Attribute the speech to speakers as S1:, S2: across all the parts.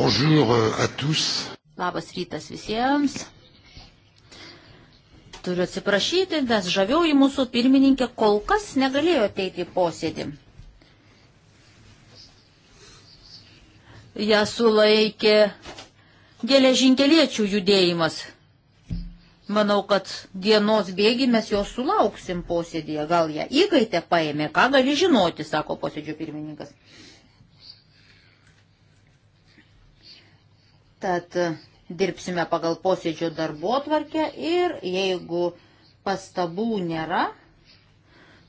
S1: Bonjour euh, à tous.
S2: Labas rytas visiems. Turiu atsiprašyti, nes žavioji mūsų pirmininkė kol kas negalėjo ateiti į posėdį. Ja sulaikė geležinkeliečių judėjimas. Manau, kad dienos bėgi mes jos sulauksim posėdėje. Gal ją įkaitę paėmė, ką gali žinoti, sako posėdžio pirmininkas. Tad dirbsime pagal posėdžio darbo tvarkę ir jeigu pastabų nėra,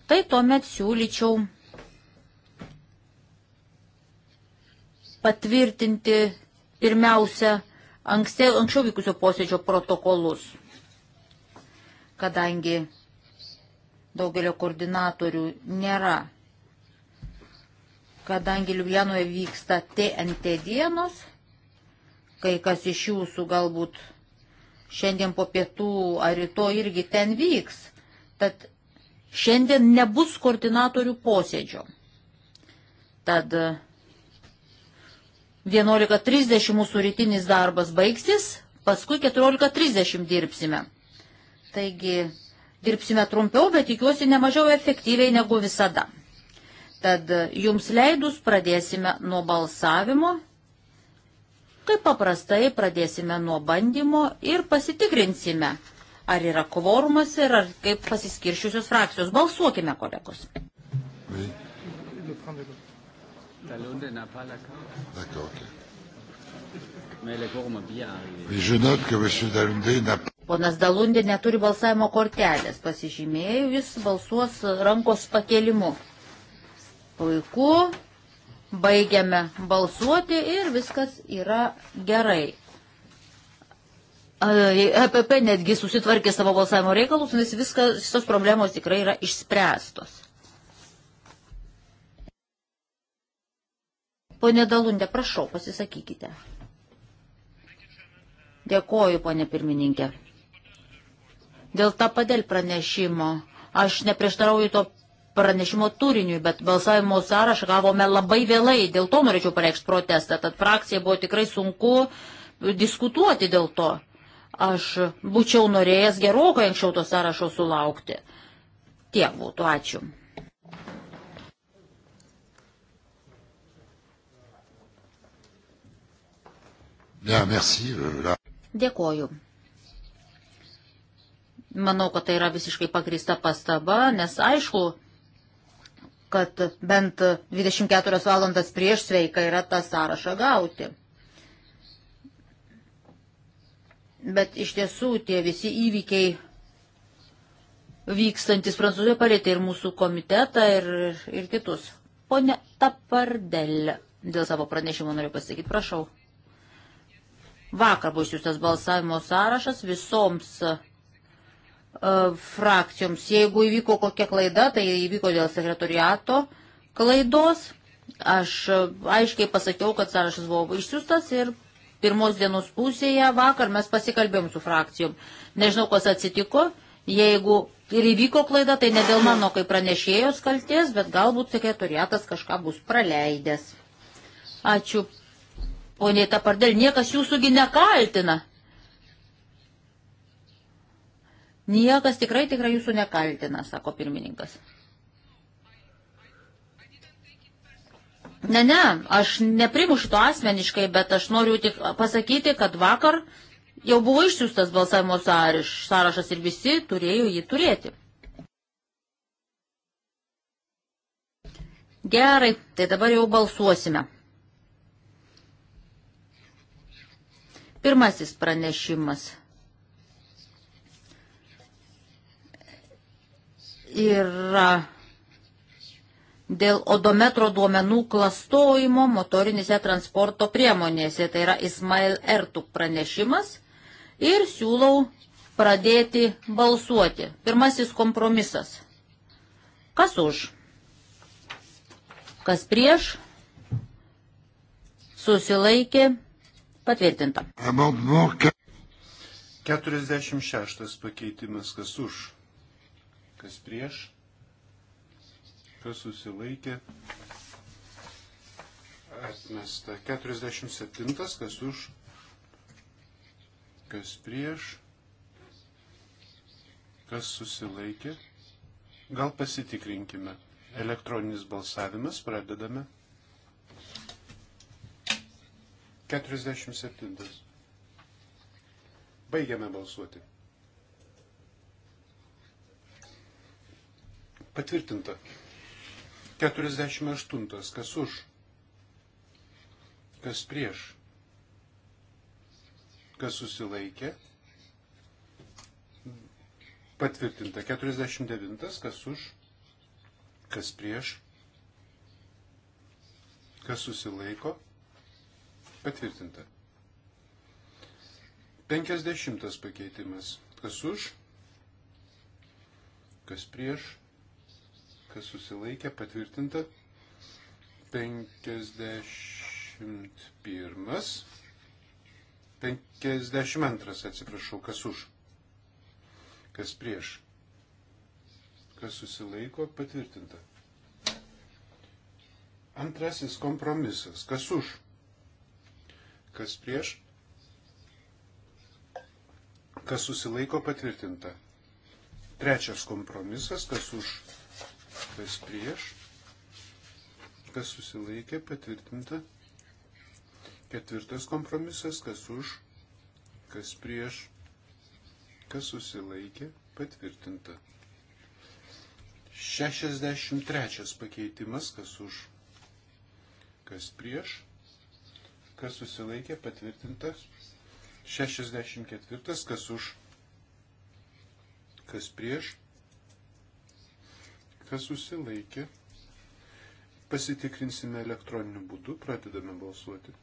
S2: tai tuomet siūlyčiau patvirtinti pirmiausia anksčiau, anksčiau vykusio posėdžio protokolus, kadangi daugelio koordinatorių nėra, kadangi Liublianoje vyksta TNT dienos, Kai kas iš jūsų galbūt šiandien po pietų ar rytoj irgi ten vyks. Tad šiandien nebus koordinatorių posėdžio. Tad 11.30 e, mūsų rytinis darbas baigsis, paskui 14.30 dirbsime. Taigi dirbsime trumpiau, bet tikiuosi ne mažiau efektyviai negu visada. Tad jums leidus pradėsime nuo balsavimo. Kaip paprastai pradėsime nuo bandymo ir pasitikrinsime, ar yra kvorumas ir ar kaip pasiskiršiusios frakcijos. Balsuokime, kolegos.
S1: Oui. D'accord.
S2: Ponas Dalundė neturi balsavimo kortelės, pasižymėjau, jis balsuos rankos pakelimu. Puiku, baigiame balsuoti ir viskas yra gerai. EPP e netgi susitvarkė savo balsavimo reikalus, nes viskas, visos problemos tikrai yra išspręstos. Pone Dalundė, prašau, pasisakykite. Dėkoju, ponė pirmininkė. Dėl tapadėl pranešimo aš neprieštarauju to pranešimo turiniui, bet balsavimo sąrašą gavome labai vėlai, dėl to norėčiau pareikšti protestą, tad frakcija buvo tikrai sunku diskutuoti dėl to. Aš būčiau norėjęs gerokai anksčiau to sąrašo sulaukti. Tiek būtų, ačiū.
S1: Bien, merci, euh, la...
S2: Dėkoju. Manau, kad tai yra visiškai pagrįsta pastaba, nes aišku, kad bent 24 valandas prieš sveiką yra tą sąrašą gauti. Bet iš tiesų tie visi įvykiai vykstantis Prancūzijoje palėtė ir mūsų komitetą, ir, ir kitus. Pone Tapardelė, dėl savo pranešimo noriu pasakyti, prašau. Vakar bus jūs tas balsavimo sąrašas visoms E, frakcijoms. Jeigu įvyko kokia klaida, tai įvyko dėl sekretoriato klaidos. Aš e, aiškiai pasakiau, kad sąrašas buvo išsiustas ir pirmos dienos pusėje vakar mes pasikalbėjom su frakcijom. Nežinau, kas atsitiko. Jeigu ir įvyko klaida, tai ne dėl mano kaip pranešėjos kalties, bet galbūt sekretoriatas kažką bus praleidęs. Ačiū. Pone Tapardėl, niekas jūsųgi nekaltina. Niekas tikrai tikrai jūsų nekaltina, sako pirmininkas. Ne, ne, aš neprimu šito asmeniškai, bet aš noriu tik pasakyti, kad vakar jau buvo išsiųstas balsavimo sąrašas ir visi turėjo jį turėti. Gerai, tai dabar jau balsuosime. Pirmasis pranešimas. yra dėl odometro duomenų klastojimo motorinėse transporto priemonėse. Tai yra Ismail Ertuk pranešimas ir siūlau pradėti balsuoti. Pirmasis kompromisas. Kas už? Kas prieš? Susilaikė. Patvirtinta.
S3: 46 pakeitimas. Kas už? kas prieš, kas susilaikė, atmesta. 47, kas už, kas prieš, kas susilaikė. Gal pasitikrinkime. Elektroninis balsavimas pradedame. 47. Baigiame balsuoti. Patvirtinta. 48. Kas už? Kas prieš? Kas susilaikė? Patvirtinta. 49. Kas už? Kas prieš? Kas susilaiko? Patvirtinta. 50 pakeitimas. Kas už? Kas prieš? kas susilaikė, patvirtinta. 51. 52, atsiprašau, kas už, kas prieš, kas susilaiko, patvirtinta. Antrasis kompromisas, kas už, kas prieš, kas susilaiko, patvirtinta. Trečias kompromisas, kas už, kas prieš, kas susilaikė, patvirtinta. Ketvirtas kompromisas, kas už, kas prieš, kas susilaikė, patvirtinta. 63 pakeitimas, kas už, kas prieš, kas susilaikė, patvirtintas. 64, kas už, kas prieš, kas susilaikė. Pasitikrinsime elektroniniu būdu, pradedame balsuoti.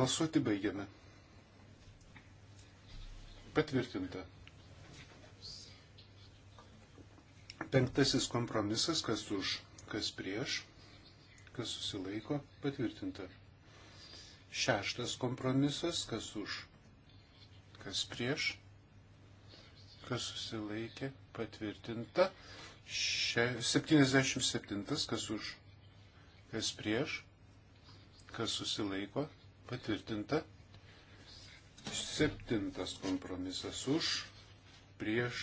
S3: Balsuoti baigiame. Patvirtinta. Penktasis kompromisas, kas už, kas prieš, kas susilaiko, patvirtinta. Šeštas kompromisas, kas už, kas prieš, kas susilaikė, patvirtinta. Še, 77, kas už, kas prieš, kas susilaiko, patvirtinta. Septintas kompromisas už, prieš,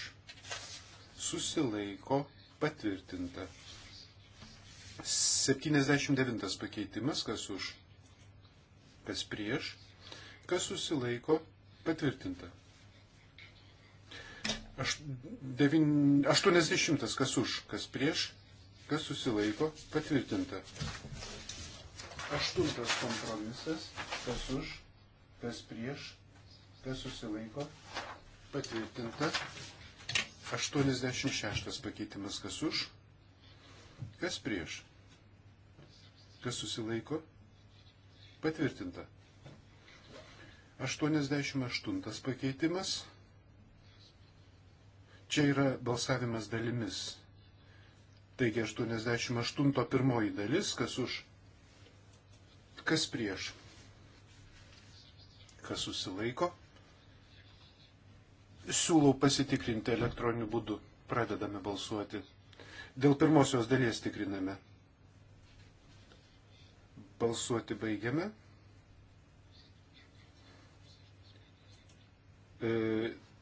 S3: susilaiko, patvirtinta. 79 pakeitimas, kas už, kas prieš, kas susilaiko, patvirtinta. 80, kas už, kas prieš, kas susilaiko, patvirtinta. Aštuntas kompromisas, kas už, kas prieš, kas susilaiko, patvirtinta. 86 pakeitimas, kas už, kas prieš, kas susilaiko, patvirtinta. 88 pakeitimas, Čia yra balsavimas dalimis. Taigi 88 pirmoji dalis, kas už, kas prieš, kas susilaiko. Siūlau pasitikrinti elektroniniu būdu. Pradedame balsuoti. Dėl pirmosios dalies tikriname. Balsuoti baigiame. E,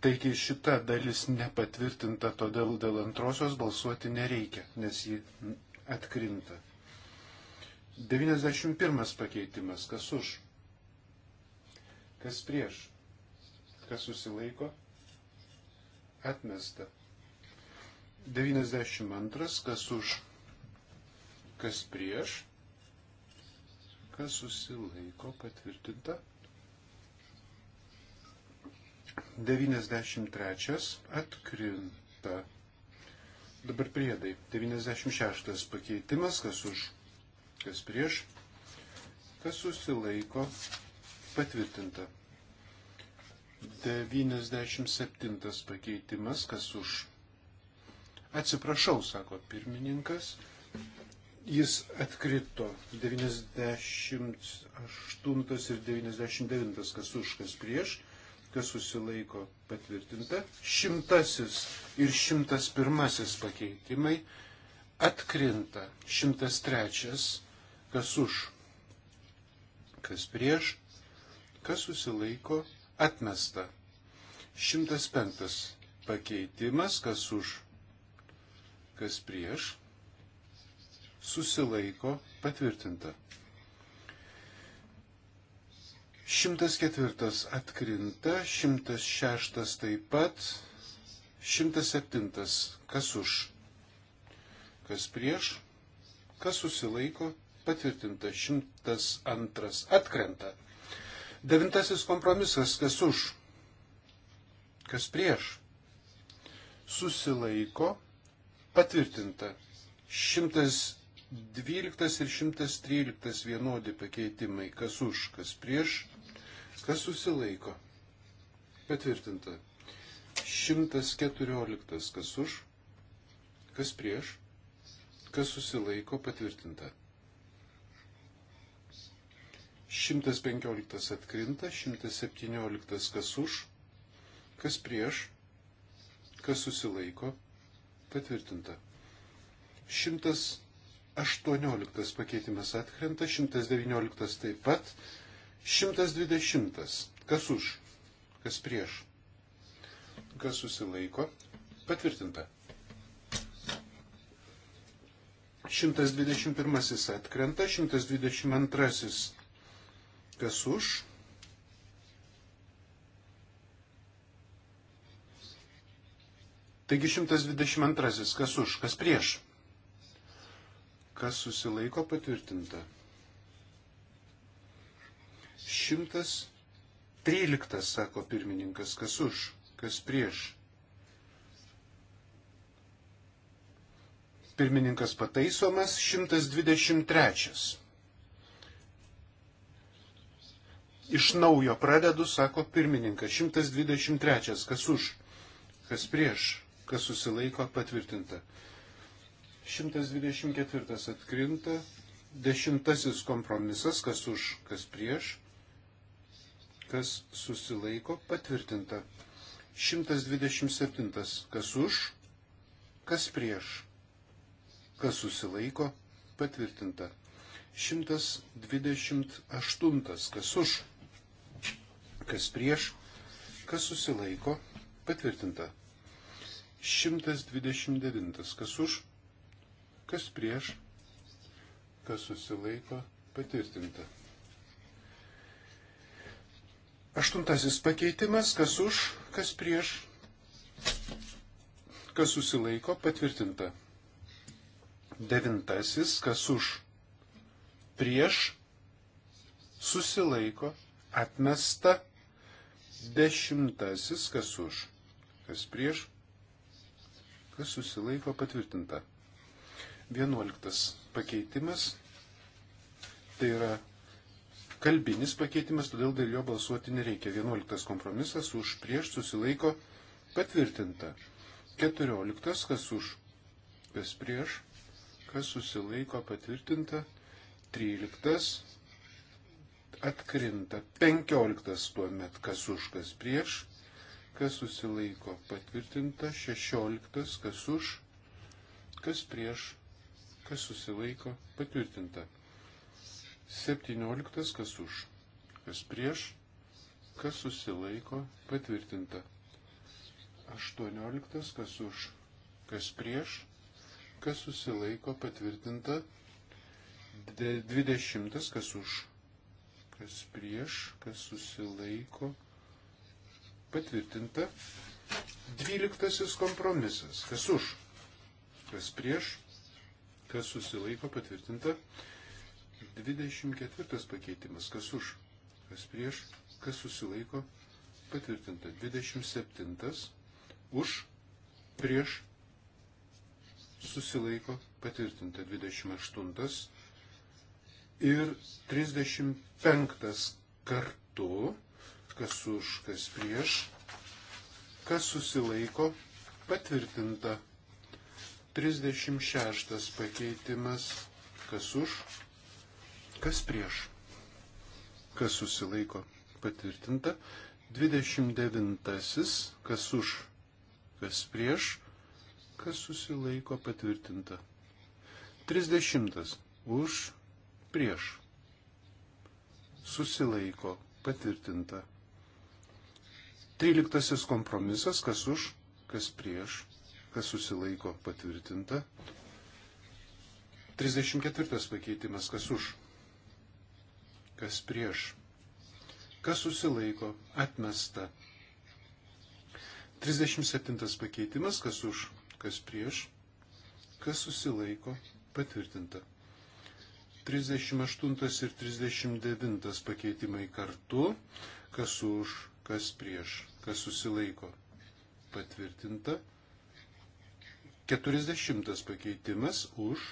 S3: Taigi šita dalis nepatvirtinta, todėl dėl antrosios balsuoti nereikia, nes ji atkrinta. 91 pakeitimas. Kas už? Kas prieš? Kas susilaiko? Atmesta. 92. Kas už? Kas prieš? Kas susilaiko? Patvirtinta. 93 atkrinta. Dabar priedai. 96 pakeitimas, kas už, kas prieš, kas susilaiko, patvirtinta. 97 pakeitimas, kas už. Atsiprašau, sako pirmininkas. Jis atkrito 98 ir 99, kas už, kas prieš kas susilaiko patvirtinta. Šimtasis ir šimtas pirmasis pakeitimai atkrinta. Šimtas trečias, kas už, kas prieš, kas susilaiko atmesta. Šimtas penktas pakeitimas, kas už, kas prieš, susilaiko patvirtinta. 104 atkrinta, 106 taip pat, 107 kas už, kas prieš, kas susilaiko, patvirtinta, 102 atkrenta. Devintasis kompromisas kas už, kas prieš, susilaiko, patvirtinta, 112 ir 113 vienodi pakeitimai, kas už, kas prieš, Kas susilaiko? Patvirtinta. 114. Kas už? Kas prieš? Kas susilaiko? Patvirtinta. 115 atkrinta, 117 kas už, kas prieš, kas susilaiko, patvirtinta. 118 pakeitimas atkrenta, 119 taip pat, 120. Kas už? Kas prieš? Kas susilaiko? Patvirtinta. 121 atkrenta, 122 kas už. Taigi 122 kas už, kas prieš. Kas susilaiko patvirtinta. 113, sako pirmininkas, kas už, kas prieš. Pirmininkas pataisomas 123. Iš naujo pradedu, sako pirmininkas. 123. Kas už, kas prieš, kas susilaiko patvirtinta. 124 atkrinta. Dešimtasis kompromisas, kas už, kas prieš, kas susilaiko patvirtinta. 127. Kas už, kas prieš, kas susilaiko patvirtinta. 128. Kas už, kas prieš, kas susilaiko patvirtinta. 129. Kas už, kas prieš, kas susilaiko patvirtinta. Aštuntasis pakeitimas, kas už, kas prieš, kas susilaiko, patvirtinta. Devintasis, kas už, prieš, susilaiko, atmesta. Dešimtasis, kas už, kas prieš, kas susilaiko, patvirtinta. Vienuoliktas pakeitimas, tai yra kalbinis pakeitimas, todėl dėl jo balsuoti nereikia. 11 kompromisas už prieš susilaiko patvirtinta. 14 kas už, kas prieš, kas susilaiko patvirtinta. 13 atkrinta. Penkioliktas tuo met, kas už, kas prieš, kas susilaiko patvirtinta. Šešioliktas, kas už, kas prieš, kas susilaiko patvirtinta. 17. Kas už? Kas prieš? Kas susilaiko? Patvirtinta. 18. Kas už? Kas prieš? Kas susilaiko? Patvirtinta. 20. Kas už? Kas prieš? Kas susilaiko? Patvirtinta. 12. Kompromisas. Kas už? Kas prieš? Kas susilaiko? Patvirtinta. 24 pakeitimas. Kas už? Kas prieš? Kas susilaiko? Patvirtinta. 27. Už? Prieš? Susilaiko. Patvirtinta. 28. Ir 35 kartu. Kas už? Kas prieš? Kas susilaiko? Patvirtinta. 36 pakeitimas. Kas už? Kas prieš? Kas susilaiko? Patvirtinta. 29. Kas už? Kas prieš? Kas susilaiko? Patvirtinta. 30. Už? Prieš? Susilaiko? Patvirtinta. 13. Kompromisas. Kas už? Kas prieš? Kas susilaiko? Patvirtinta. 34 pakeitimas, kas už, kas prieš, kas susilaiko, atmesta. 37 pakeitimas, kas už, kas prieš, kas susilaiko, patvirtinta. 38 ir 39 pakeitimai kartu, kas už, kas prieš, kas susilaiko. Patvirtinta. 40 pakeitimas už,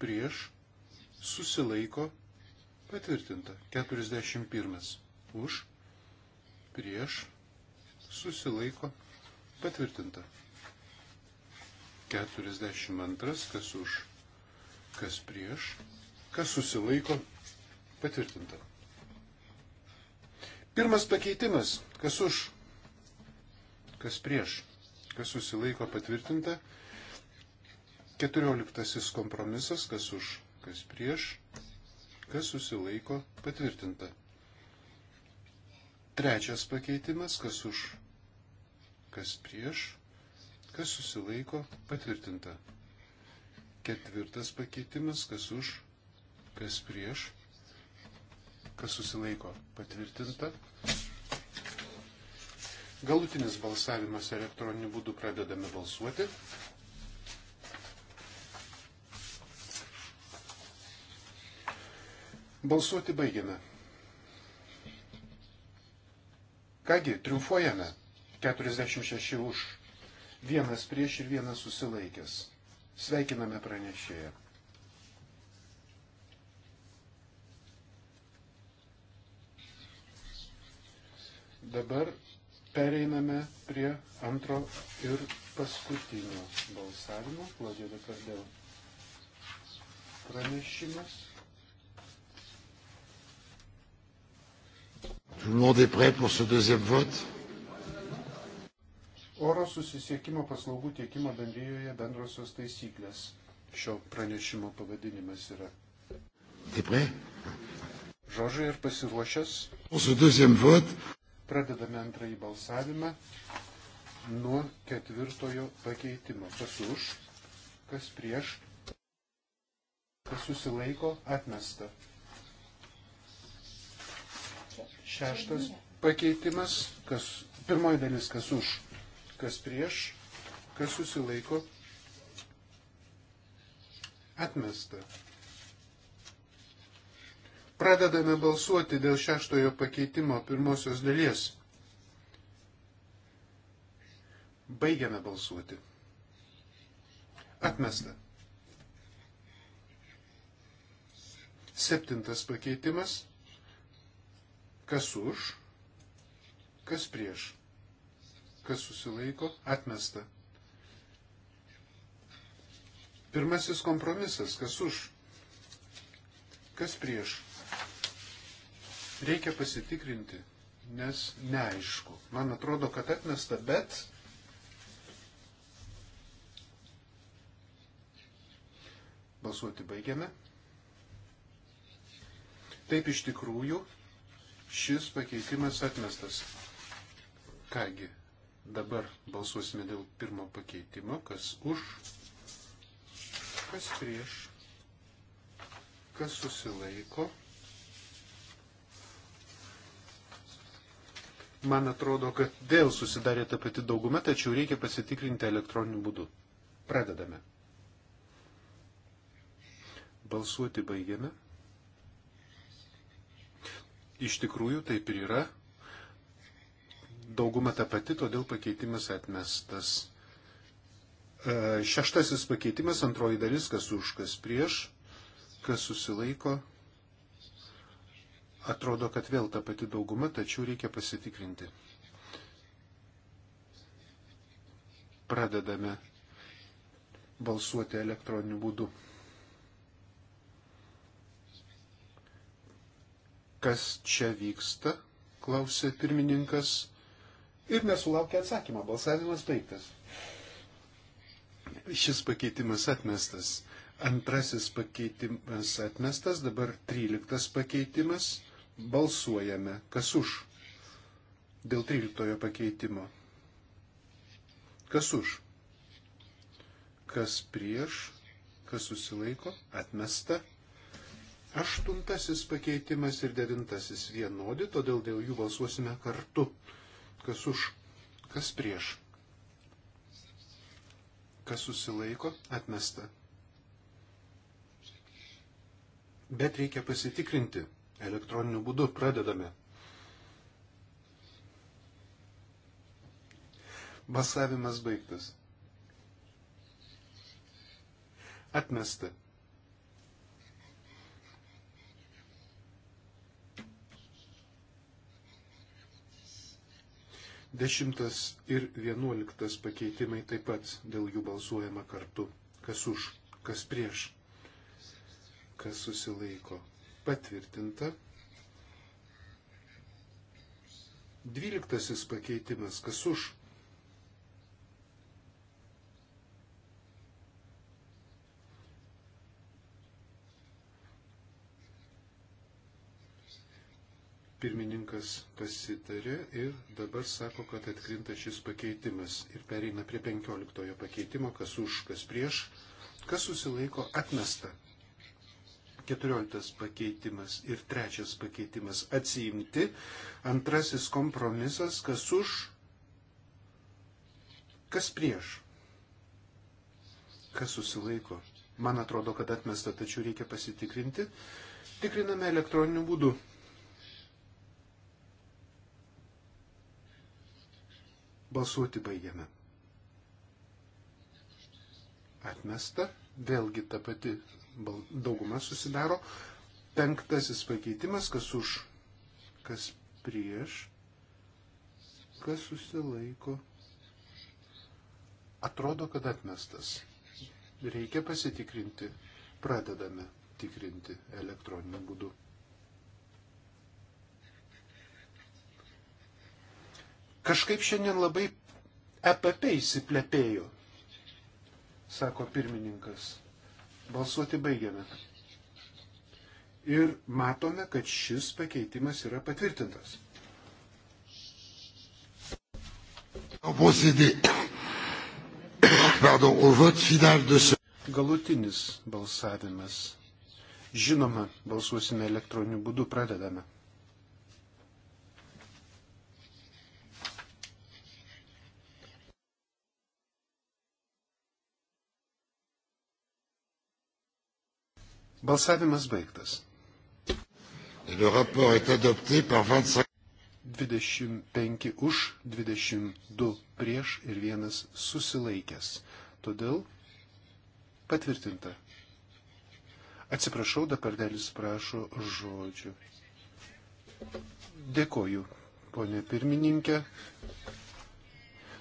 S3: prieš, susilaiko, Patvirtinta. 41. Už. Prieš. Susilaiko. Patvirtinta. 42. Kas už. Kas prieš. Kas susilaiko. Patvirtinta. Pirmas pakeitimas. Kas už. Kas prieš. Kas susilaiko. Patvirtinta. 14. Kompromisas. Kas už. Kas prieš kas susilaiko patvirtinta. Trečias pakeitimas, kas už, kas prieš, kas susilaiko patvirtinta. Ketvirtas pakeitimas, kas už, kas prieš, kas susilaiko patvirtinta. Galutinis balsavimas elektroniniu būdu pradedame balsuoti. Balsuoti baigiame. Kągi, triumfuojame. 46 už, vienas prieš ir vienas susilaikęs. Sveikiname pranešėją. Dabar pereiname prie antro ir paskutinio balsavimo. Klaudė Dekardėl pranešimas.
S1: Tout le monde est prêt pour ce deuxième vote
S3: Oro susisiekimo paslaugų tiekimo bendryjoje bendrosios taisyklės. Šio pranešimo pavadinimas yra. Žodžiai ir pasiruošęs. Pradedame antrąjį balsavimą nuo ketvirtojo pakeitimo. Kas už, kas prieš, kas susilaiko, atmesta. Šeštas pakeitimas, kas, pirmoji dalis, kas už, kas prieš, kas susilaiko, atmesta. Pradedame balsuoti dėl šeštojo pakeitimo pirmosios dalies. Baigiame balsuoti. Atmesta. Septintas pakeitimas. Kas už, kas prieš, kas susilaiko, atmesta. Pirmasis kompromisas, kas už, kas prieš. Reikia pasitikrinti, nes neaišku. Man atrodo, kad atmesta, bet Balsuoti baigiame. Taip iš tikrųjų Šis pakeitimas atmestas. Kągi, dabar balsuosime dėl pirmo pakeitimo, kas už, kas prieš, kas susilaiko. Man atrodo, kad vėl susidarė ta pati dauguma, tačiau reikia pasitikrinti elektroniniu būdu. Pradedame. Balsuoti baigiame. Iš tikrųjų taip ir yra. Dauguma ta pati, todėl pakeitimas atmestas. E, šeštasis pakeitimas, antroji dalis, kas už, kas prieš, kas susilaiko. Atrodo, kad vėl ta pati dauguma, tačiau reikia pasitikrinti. Pradedame balsuoti elektroniniu būdu. Kas čia vyksta? klausė pirmininkas ir nesulaukė atsakymą. Balsavimas baigtas. Šis pakeitimas atmestas. Antrasis pakeitimas atmestas, dabar tryliktas pakeitimas. Balsuojame. Kas už? Dėl tryliktojo pakeitimo. Kas už? Kas prieš? Kas susilaiko? Atmesta. Aštuntasis pakeitimas ir devintasis vienodi, todėl dėl jų balsuosime kartu. Kas už, kas prieš. Kas susilaiko, atmesta. Bet reikia pasitikrinti. Elektroniniu būdu pradedame. Basavimas baigtas. Atmesta. Dešimtas ir vienuoliktas pakeitimai taip pat dėl jų balsuojama kartu. Kas už, kas prieš, kas susilaiko. Patvirtinta. Dvyliktasis pakeitimas. Kas už, pirmininkas pasitarė ir dabar sako, kad atkrinta šis pakeitimas ir pereina prie penkioliktojo pakeitimo, kas už, kas prieš, kas susilaiko atmesta. Keturioliktas pakeitimas ir trečias pakeitimas atsiimti, antrasis kompromisas, kas už, kas prieš, kas susilaiko. Man atrodo, kad atmesta, tačiau reikia pasitikrinti. Tikriname elektroniniu būdu. Balsuoti baigiame. Atmesta. Vėlgi ta pati dauguma susidaro. Penktasis pakeitimas, kas už, kas prieš, kas susilaiko. Atrodo, kad atmestas. Reikia pasitikrinti. Pradedame tikrinti elektroniniu būdu. Kažkaip šiandien labai EPP įsiplepėjo, sako pirmininkas. Balsuoti baigiame. Ir matome, kad šis pakeitimas yra patvirtintas. Galutinis balsavimas. Žinoma, balsuosime elektroniniu būdu, pradedame. Balsavimas baigtas. 25 už, 22 prieš ir vienas susilaikęs. Todėl patvirtinta. Atsiprašau, dapardelis prašo žodžių. Dėkoju, ponė pirmininkė.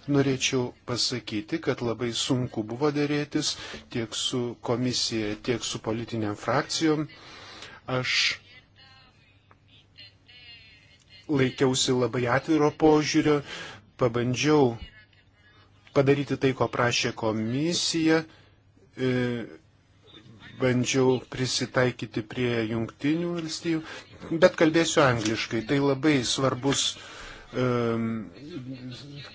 S3: Norėčiau pasakyti, kad labai sunku buvo dėrėtis tiek su komisija, tiek su politiniam frakcijom. Aš laikiausi labai atviro požiūrio, pabandžiau padaryti tai, ko prašė komisija, e, bandžiau prisitaikyti prie jungtinių valstybių, bet kalbėsiu angliškai. Tai labai svarbus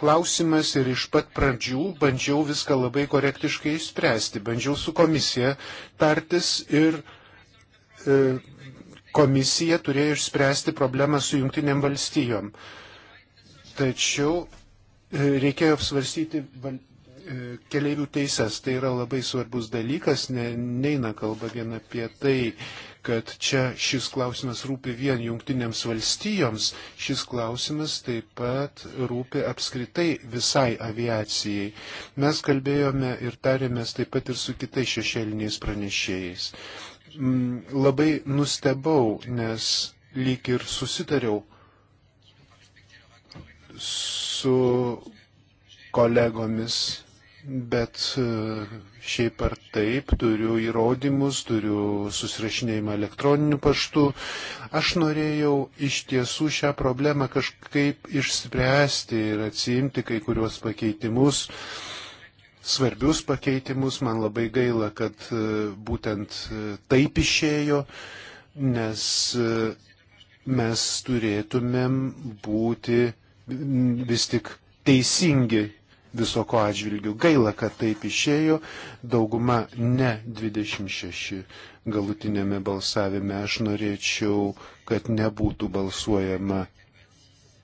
S3: klausimas ir iš pat pradžių bandžiau viską labai korektiškai išspręsti. Bandžiau su komisija tartis ir e, komisija turėjo išspręsti problemą su jungtiniam valstijom. Tačiau e, reikėjo apsvarstyti e, keliaivių teises. Tai yra labai svarbus dalykas, ne, neina kalba vien apie tai, kad čia šis klausimas rūpi vien jungtinėms valstijoms, šis klausimas taip pat rūpi apskritai visai aviacijai. Mes kalbėjome ir tarėmės taip pat ir su kitais šešėliniais pranešėjais. Mm, labai nustebau, nes lyg ir susitariau su kolegomis bet e, šiaip ar taip turiu įrodymus, turiu susirašinėjimą elektroniniu paštu. Aš norėjau iš tiesų šią problemą kažkaip išspręsti ir atsiimti kai kuriuos pakeitimus, svarbius pakeitimus. Man labai gaila, kad e, būtent e, taip išėjo, nes mes turėtumėm būti vis tik teisingi viso ko atžvilgių. Gaila, kad taip išėjo, dauguma ne 26 galutinėme balsavime. Aš norėčiau, kad nebūtų balsuojama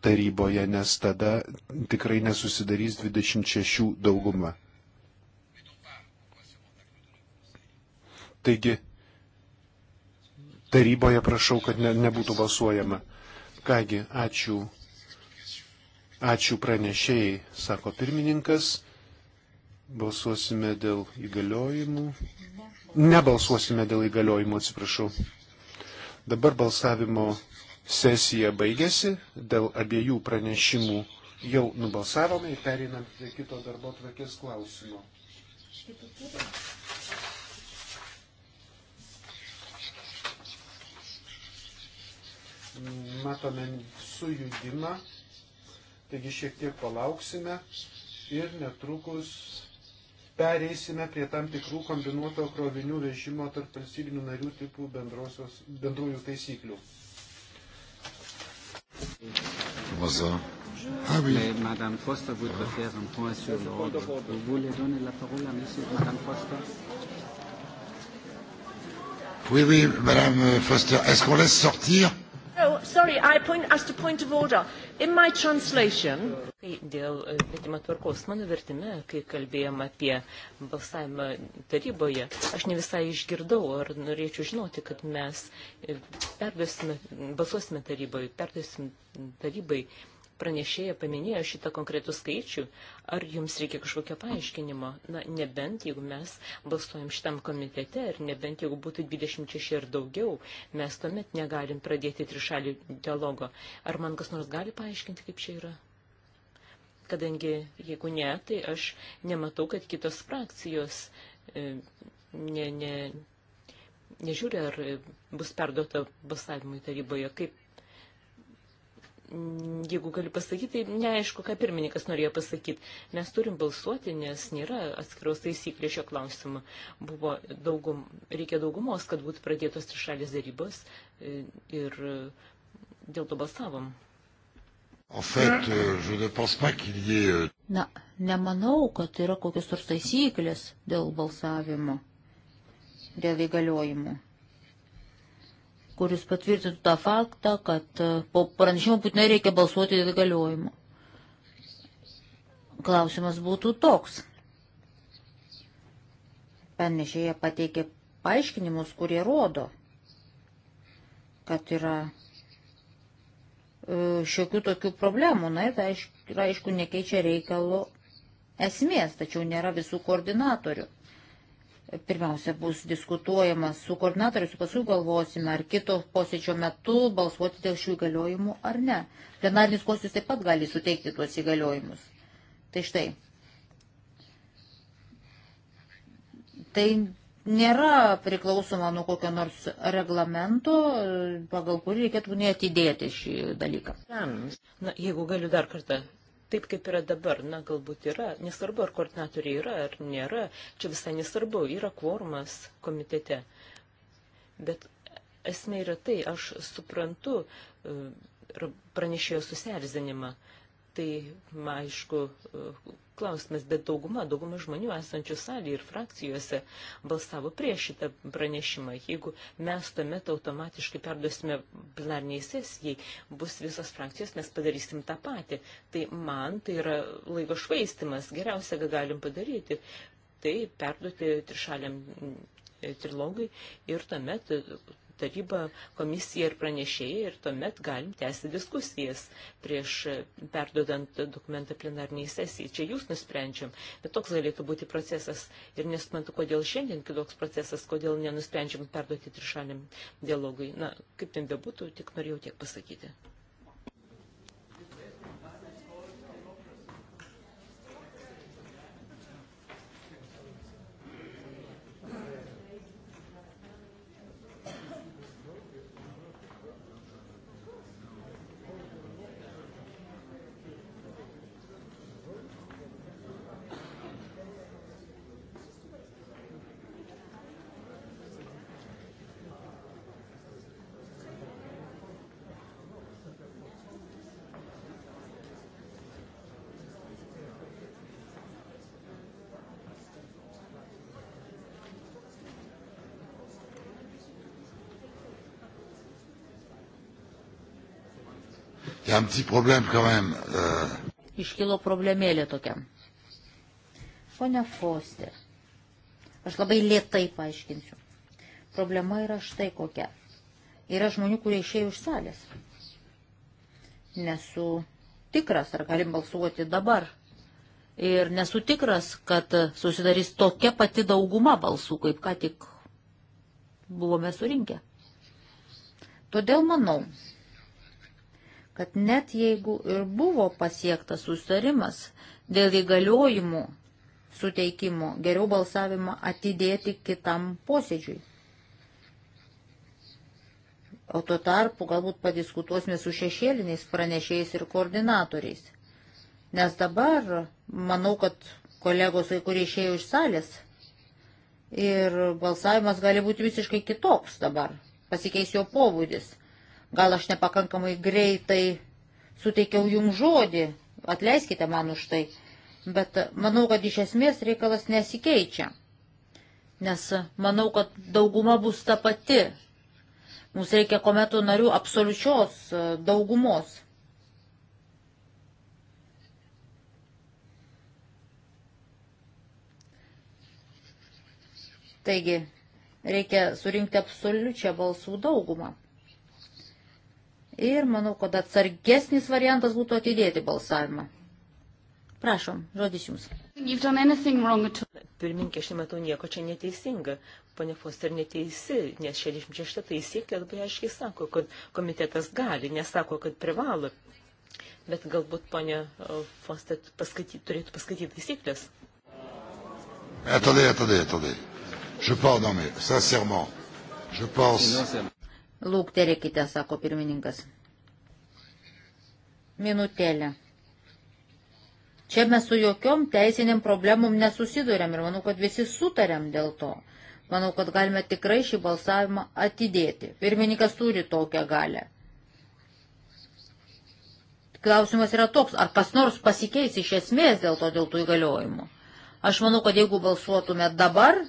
S3: taryboje, nes tada tikrai nesusidarys 26 dauguma. Taigi, taryboje prašau, kad ne, nebūtų balsuojama. Kągi, ačiū Ačiū pranešėjai, sako pirmininkas. Balsuosime dėl įgaliojimų. Nebalsuosime dėl įgaliojimų, atsiprašau. Dabar balsavimo sesija baigėsi dėl abiejų pranešimų jau nubalsavome ir pereinam prie kito darbo tvarkės klausimo. Matome sujudimą Taigi šiek tiek palauksime ir netrukus pereisime prie tam tikrų kombinuoto krovinių vežimo tarp valstybinių narių tipų bendrųjų taisyklių.
S1: Ah oui.
S3: Mais Madame Costa voudrait faire un point sur l'ordre. Vous voulez donner la parole à Monsieur Madame Costa
S1: Oui, oui, Madame Foster. Est-ce qu'on laisse sortir
S4: Oh, sorry, I point, asked a point of order. In my translation. Kai dėl e, vertimo tvarkos, mano vertime, kai kalbėjom apie balsavimą taryboje, aš ne visai išgirdau ar norėčiau žinoti, kad mes e, perduosime, balsuosime taryboje, perduosime tarybai pranešėja paminėjo šitą konkretų skaičių, ar jums reikia kažkokio paaiškinimo? Na, nebent jeigu mes balsuojam šitam komitete ir nebent jeigu būtų 26 ir daugiau, mes tuomet negalim pradėti trišalių dialogo. Ar man kas nors gali paaiškinti, kaip čia yra? Kadangi jeigu ne, tai aš nematau, kad kitos frakcijos e, ne, ne, nežiūri, ar bus perduota balsavimui taryboje, kaip Mm, jeigu galiu pasakyti, tai neaišku, ką pirmininkas norėjo pasakyti. Mes turim balsuoti, nes nėra atskiros taisyklės šio klausimo. Buvo daugum, reikia daugumos, kad būtų pradėtos trišalės darybos e,
S2: ir e, dėl to balsavom.
S1: En fait, euh, je ne pense pas qu'il y ait... Euh,
S2: Na, nemanau, kad yra kokios nors taisyklės dėl balsavimo, dėl įgaliojimų kuris patvirtintų tą faktą, kad e, po pranešimo būtinai reikia balsuoti dėl įgaliojimų. Klausimas būtų toks. Pranešėja pateikė paaiškinimus, kurie rodo, kad yra e, šiokių tokių problemų. Na ir tai aišku, aišku nekeičia reikalo esmės, tačiau nėra visų koordinatorių. Pirmiausia, bus diskutuojama su koordinatorius, paskui galvosime, ar kito posėdžio metu balsuoti dėl šių įgaliojimų ar ne. Plenarinis posėdis taip pat gali suteikti tuos įgaliojimus. Tai štai. Tai nėra priklausoma nuo kokio nors reglamento, pagal kurį reikėtų neatidėti šį dalyką.
S4: Na, jeigu galiu dar kartą taip, kaip yra dabar. Na, galbūt yra, nesvarbu, ar koordinatoriai yra ar nėra, čia visai nesvarbu, yra kvormas komitete. Bet esmė yra tai, aš suprantu e, pranešėjo susierzinimą. Tai, ma, aišku, e, klausimas, bet dauguma, dauguma žmonių esančių salėje ir frakcijose balsavo prieš šitą pranešimą. Jeigu mes tuomet automatiškai perduosime plenarniai sesijai, bus visos frakcijos, mes padarysim tą patį. Tai man tai yra laiko švaistimas, geriausia, ką galim padaryti. Tai perduoti trišaliam trilogui ir tuomet taryba, komisija ir pranešėjai ir tuomet galim tęsti diskusijas prieš perdodant dokumentą plenarniai sesijai. Čia jūs nusprendžiam, bet toks galėtų būti procesas ir nesuprantu, kodėl šiandien kitoks procesas, kodėl nenusprendžiam perduoti trišaliam dialogui. Na, kaip ten bebūtų, tik norėjau tiek pasakyti.
S1: un petit problème quand même. Euh...
S2: Iškilo problemėlė tokia. Pone Foster, aš labai lėtai paaiškinsiu. Problema yra štai kokia. Yra žmonių, kurie išėjo iš salės. Nesu tikras, ar galim balsuoti dabar. Ir nesu tikras, kad susidarys tokia pati dauguma balsų, kaip ką tik buvome surinkę. Todėl manau, kad net jeigu ir buvo pasiektas sustarimas dėl įgaliojimų suteikimo, geriau balsavimą atidėti kitam posėdžiui. O tuo tarpu galbūt padiskutuosime su šešėliniais pranešėjais ir koordinatoriais. Nes dabar manau, kad kolegos kai kurie išėjo iš salės ir balsavimas gali būti visiškai kitoks dabar, pasikeis jo pobūdis Gal aš nepakankamai greitai suteikiau jum žodį, atleiskite man už tai, bet manau, kad iš esmės reikalas nesikeičia, nes manau, kad dauguma bus ta pati. Mums reikia kometų narių absoliučios e, daugumos. Taigi, reikia surinkti absoliučią balsų daugumą. Ir manau, kad atsargesnis variantas būtų atidėti balsavimą. Prašom, žodis jums. Pirminkė, aš nematau nieko
S4: čia neteisinga. Pane Foster neteisi, nes 66 taisyklė labai aiškiai sako, kad komitetas gali, nesako, kad privalo. Bet galbūt, ponė Foster, paskaty, turėtų paskaityti taisyklės.
S1: Attendez, attendez, attendez. Je pars, non mais, sincèrement, je pense... Sinon,
S2: Laukterėkite, sako pirmininkas. Minutėlė. Čia mes su jokiom teisiniam problemom nesusidurėm ir manau, kad visi sutarėm dėl to. Manau, kad galime tikrai šį balsavimą atidėti. Pirmininkas turi tokią galę. Klausimas yra toks, ar kas nors pasikeis iš esmės dėl to, dėl tų įgaliojimų. Aš manau, kad jeigu balsuotume dabar,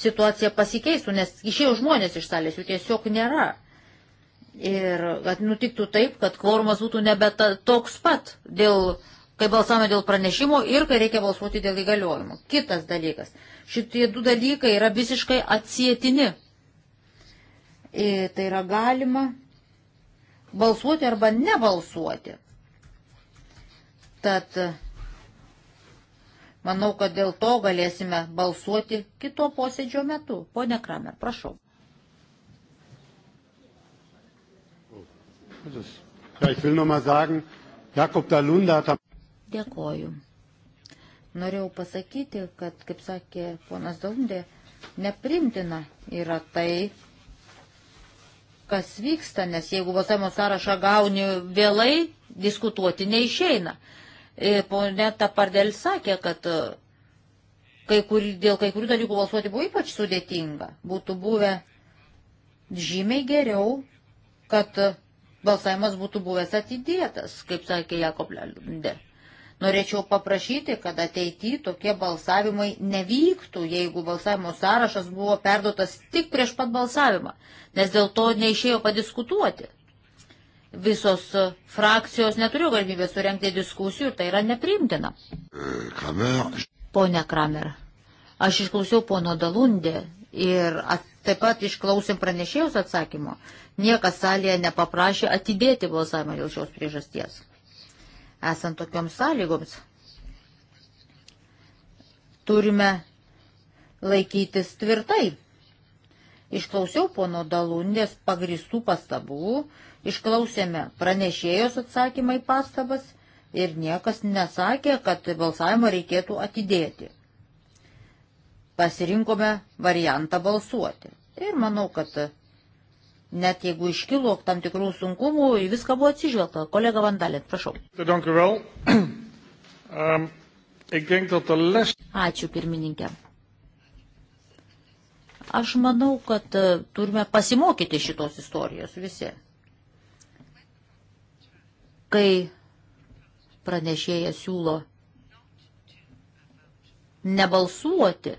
S2: situacija pasikeistų, nes išėjo žmonės iš salės, jų tiesiog nėra. Ir kad nutiktų taip, kad kvorumas būtų nebe ta, toks pat, dėl, kai balsavome dėl pranešimo ir kai reikia balsuoti dėl įgaliojimų. Kitas dalykas. Šitie du dalykai yra visiškai atsietini. Ir e, tai yra galima balsuoti arba nebalsuoti. Tad manau, kad dėl to galėsime balsuoti kito posėdžio metu. Pone Kramer, prašau.
S3: Dėkoju.
S2: Norėjau pasakyti, kad, kaip sakė ponas Daundė, neprimtina yra tai, kas vyksta, nes jeigu balsavimo sąrašą gauni vėlai, diskutuoti neišeina. E, Pone Tapardėl sakė, kad e, kai kur, dėl kai kurių dalykų balsuoti buvo ypač sudėtinga. Būtų buvę žymiai geriau, kad balsavimas būtų buvęs atidėtas, kaip sakė Jakob Lendė. Norėčiau paprašyti, kad ateityje tokie balsavimai nevyktų, jeigu balsavimo sąrašas buvo perduotas tik prieš pat balsavimą, nes dėl to neišėjo padiskutuoti. Visos frakcijos neturiu galimybės surenkti diskusijų ir tai yra neprimtina. Kramer. Pone Kramer, aš išklausiau pono Dalundė Ir at, taip pat išklausėm pranešėjus atsakymo. Niekas salėje nepaprašė atidėti balsavimą dėl šios priežasties. Esant tokioms sąlygoms, turime laikytis tvirtai. Išklausiau pono Dalundės pagristų pastabų, išklausėme pranešėjos atsakymai pastabas ir niekas nesakė, kad balsavimą reikėtų atidėti pasirinkome variantą balsuoti. Ir manau, kad net jeigu iškilo tam tikrų sunkumų, į viską buvo atsižvelgta. Kolega Vandalėt, prašau.
S3: Ehm,
S2: Ačiū pirmininkė. Aš manau, kad e, turime pasimokyti šitos istorijos visi. Kai pranešėjas siūlo nebalsuoti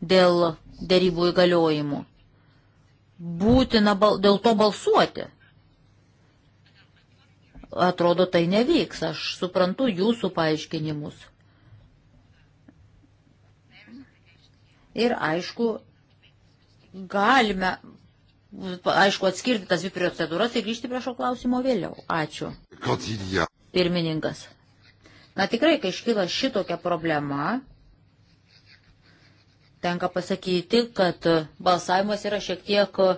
S2: dėl dėrybų įgaliojimų. Būtina bal, dėl to balsuoti. Atrodo, tai nevyks. Aš suprantu jūsų paaiškinimus. Ir aišku, galime, aišku, atskirti tas dvi procedūras ir grįžti prie šio klausimo vėliau. Ačiū. Pirmininkas. Na tikrai, kai iškyla šitokia problema, tenka pasakyti, kad balsavimas yra šiek tiek e,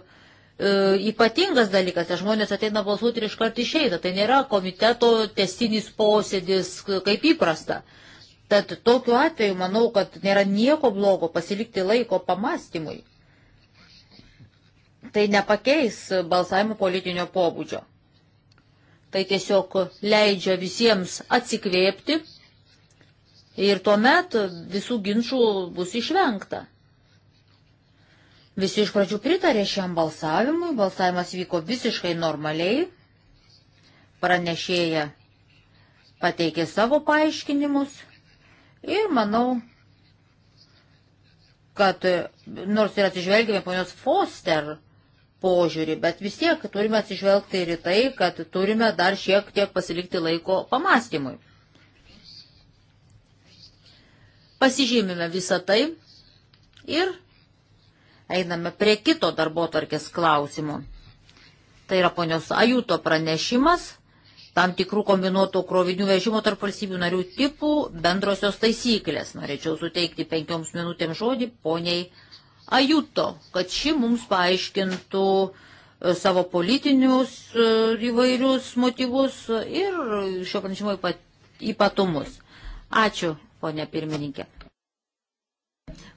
S2: ypatingas dalykas, nes žmonės ateina balsuoti ir iškart išeina. Tai nėra komiteto testinis posėdis kaip įprasta. Tad tokiu atveju manau, kad nėra nieko blogo pasilikti laiko pamastymui. Tai nepakeis balsavimo politinio pobūdžio. Tai tiesiog leidžia visiems atsikvėpti Ir tuomet visų ginčių bus išvengta. Visi iš pradžių pritarė šiam balsavimui, balsavimas vyko visiškai normaliai, pranešėja pateikė savo paaiškinimus ir manau, kad nors ir atsižvelgėme ponios Foster požiūrį, bet vis tiek turime atsižvelgti ir į tai, kad turime dar šiek tiek pasilikti laiko pamastymui. Pasižymime visą tai ir einame prie kito darbo tarkės klausimo. Tai yra ponios Ajuto pranešimas tam tikrų kombinuotų krovinių vežimo tarp valstybių narių tipų bendrosios taisyklės. Norėčiau suteikti penkioms minutėms žodį poniai Ajuto, kad ši mums paaiškintų e, savo politinius e, įvairius motyvus ir šio pranešimo ypatumus. Ačiū, ponė pirmininkė.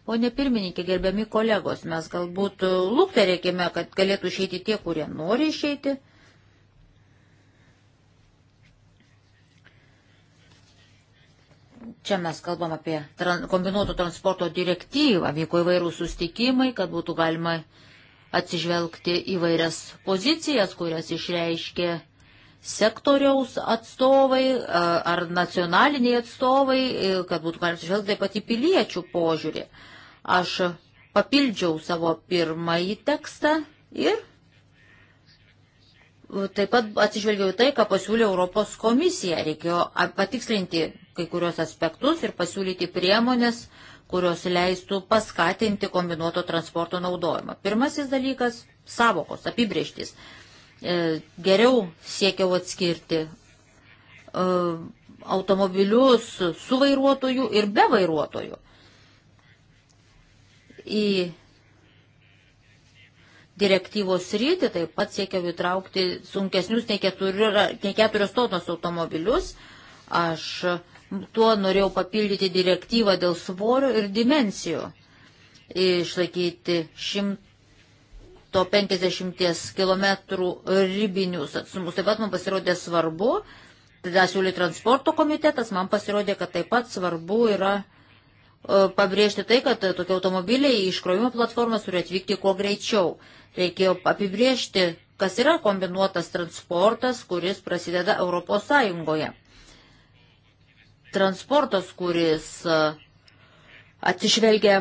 S2: Pone pirmininkė, gerbiami kolegos, mes galbūt lūkterėkime, kad galėtų išeiti tie, kurie nori išeiti. Čia mes kalbam apie tran kombinuoto transporto direktyvą, vyko įvairių sustikimai, kad būtų galima atsižvelgti įvairias pozicijas, kurias išreiškė sektoriaus atstovai ar nacionaliniai atstovai, e, kad būtų galima sužvelgti taip pat į piliečių požiūrį. Aš papildžiau savo pirmąjį tekstą ir taip pat atsižvelgiau į tai, ką pasiūlė Europos komisija. Reikėjo patikslinti kai kurios aspektus ir pasiūlyti priemonės, kurios leistų paskatinti kombinuoto transporto naudojimą. Pirmasis dalykas - savokos apibrieštis. E, geriau siekiau atskirti e, automobilius su vairuotoju ir be vairuotojų. Į direktyvos rytį taip pat siekiau įtraukti sunkesnius nei, keturi, nei keturios tonos automobilius. Aš tuo norėjau papildyti direktyvą dėl svorio ir dimensijų. Išlaikyti šimtą 150 km ribinius atstumus. Taip pat man pasirodė svarbu, tada siūlė transporto komitetas, man pasirodė, kad taip pat svarbu yra e, pabrėžti tai, kad tokie automobiliai į iškrovimo platformas turi atvykti kuo greičiau. Reikėjo apibrėžti, kas yra kombinuotas transportas, kuris prasideda Europos Sąjungoje. Transportas, kuris e, atsižvelgia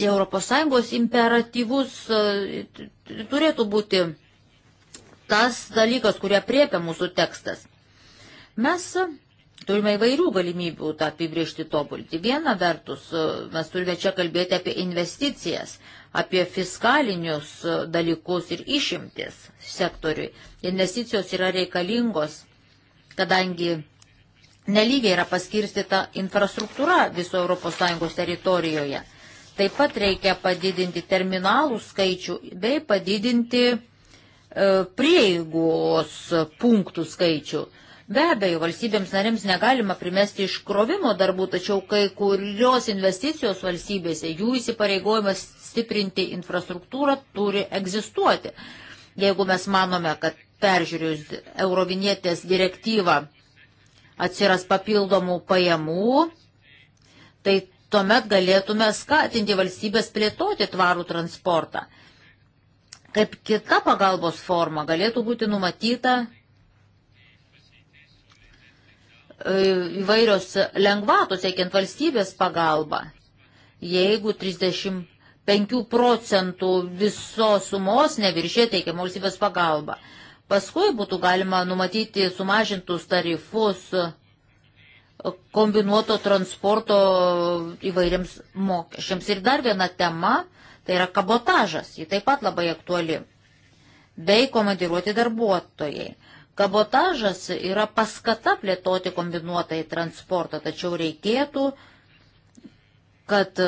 S2: ES imperatyvus e, turėtų būti tas dalykas, kurie priepia mūsų tekstas. Mes turime įvairių galimybių tą apibriežti tobulinti. Viena vertus, e, mes turime čia kalbėti apie investicijas, apie fiskalinius e, dalykus ir išimtis sektoriui. Investicijos yra reikalingos, kadangi nelygiai yra paskirstita infrastruktūra viso ES teritorijoje. Taip pat reikia padidinti terminalų skaičių bei padidinti e, prieigos punktų skaičių. Be abejo, valstybėms narėms negalima primesti iškrovimo darbų, tačiau kai kurios investicijos valstybėse jų įsipareigojimas stiprinti infrastruktūrą turi egzistuoti. Jeigu mes manome, kad peržiūrėjus Eurovinietės direktyvą atsiras papildomų pajamų, tai tuomet galėtume skatinti valstybės plėtoti tvarų transportą. Kaip kita pagalbos forma galėtų būti numatyta e, įvairios lengvatos, siekiant valstybės pagalbą. Jeigu 35 procentų visos sumos neviršė teikiama valstybės pagalba. Paskui būtų galima numatyti sumažintus tarifus uh, kombinuoto transporto įvairiams mokesčiams. Ir dar viena tema, tai yra kabotažas, ji taip pat labai aktuali, bei komandiruoti darbuotojai. Kabotažas yra paskata plėtoti kombinuotąjį transportą, tačiau reikėtų, kad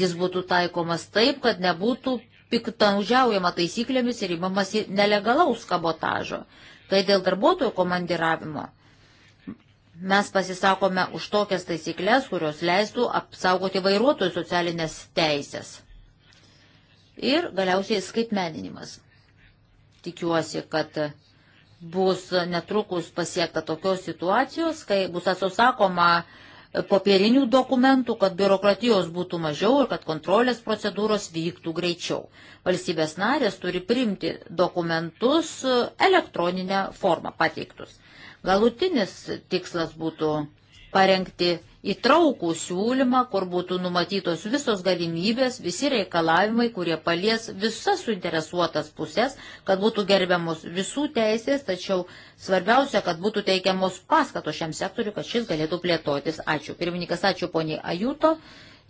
S2: jis būtų taikomas taip, kad nebūtų piktaužiaujama taisyklėmis ir įmamasi nelegalaus kabotažo. Kai dėl darbuotojų komandiravimo Mes pasisakome už tokias taisyklės, kurios leistų apsaugoti vairuotojų socialinės teisės. Ir galiausiai skaitmeninimas. Tikiuosi, kad bus netrukus pasiekta tokios situacijos, kai bus atsisakoma popierinių dokumentų, kad biurokratijos būtų mažiau ir kad kontrolės procedūros vyktų greičiau. Valstybės narės turi primti dokumentus elektroninę formą pateiktus. Galutinis tikslas būtų parengti įtraukų siūlymą, kur būtų numatytos visos galimybės, visi reikalavimai, kurie palies visas suinteresuotas pusės, kad būtų gerbiamos visų teisės, tačiau svarbiausia, kad būtų teikiamos paskatos šiam sektoriu, kad šis galėtų plėtotis. Ačiū. Pirmininkas, ačiū poniai Ajuto.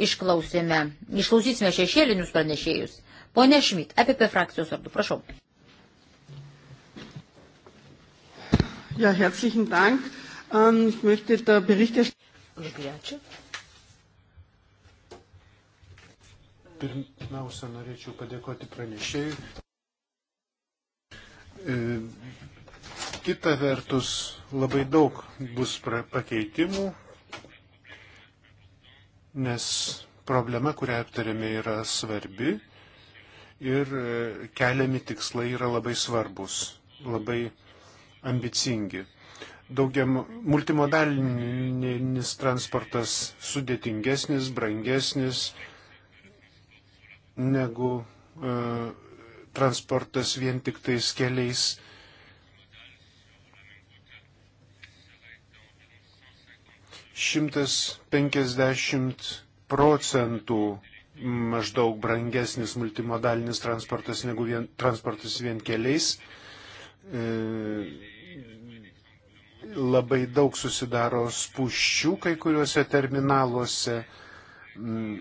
S2: Išklausime, išklausysime šešėlinius pranešėjus. Pone Šmit, apie, apie frakcijos vardu, prašau. Ja, herzlichen Dank. Ähm, ich möchte der
S4: Berichterstatterin.
S3: Pirmiausia, norėčiau padėkoti pranešėjui. E, kita vertus, labai daug bus pakeitimų, nes problema, kurią aptarėme, yra svarbi ir e, keliami tikslai yra labai svarbus, labai svarbus ambicingi. Daugiam multimodalinis transportas sudėtingesnis, brangesnis negu e, transportas vien tik tais keliais. Šimtas penkiasdešimt procentų maždaug brangesnis multimodalinis transportas negu vien, transportas vien keliais. E, E, labai daug susidaro spuščių kai kuriuose terminaluose, mm,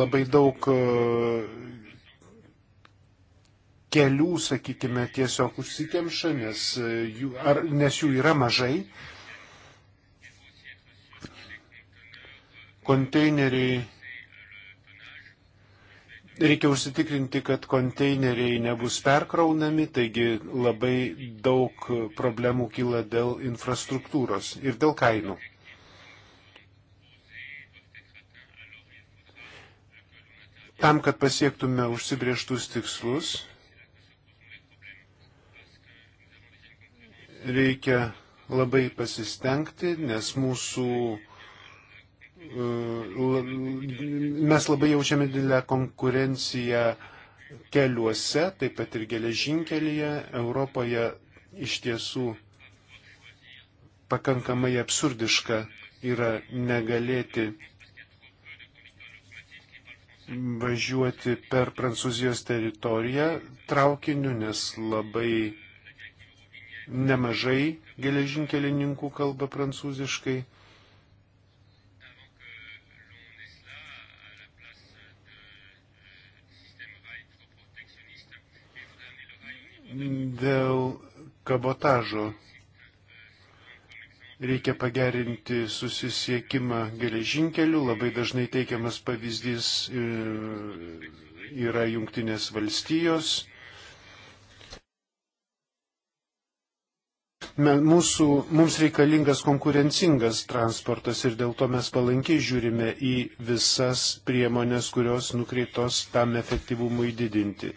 S3: labai daug e, kelių, sakykime, tiesiog užsikemša, nes e, jų, ar, nes jų yra mažai. Konteineriai Reikia užsitikrinti, kad konteineriai nebus perkraunami, taigi labai daug problemų kyla dėl infrastruktūros ir dėl kainų. Tam, kad pasiektume užsibrieštus tikslus, reikia labai pasistengti, nes mūsų mes labai jaučiame didelę konkurenciją keliuose, taip pat ir geležinkelyje. Europoje iš tiesų pakankamai absurdiška yra negalėti važiuoti per Prancūzijos teritoriją traukiniu, nes labai nemažai geležinkelininkų kalba prancūziškai. Dėl kabotažo reikia pagerinti susisiekimą geležinkeliu. Labai dažnai teikiamas pavyzdys e, yra Junktinės valstijos. Mūsų, mums reikalingas konkurencingas transportas ir dėl to mes palankiai žiūrime į visas priemonės, kurios nukreiptos tam efektyvumui didinti.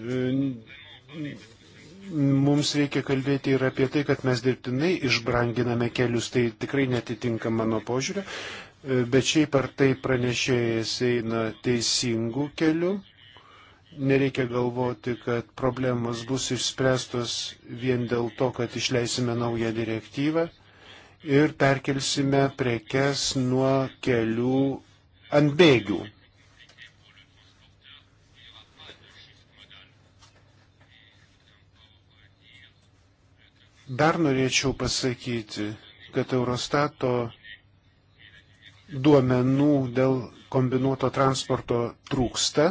S3: Mums reikia kalbėti ir apie tai, kad mes dirbtinai išbranginame kelius, tai tikrai netitinka mano požiūrio, bet šiaip ar tai pranešėjas eina teisingų kelių. Nereikia galvoti, kad problemos bus išspręstos vien dėl to, kad išleisime naują direktyvą ir perkelsime prekes nuo kelių ant bėgių. Dar norėčiau pasakyti, kad Eurostato duomenų dėl kombinuoto transporto trūksta.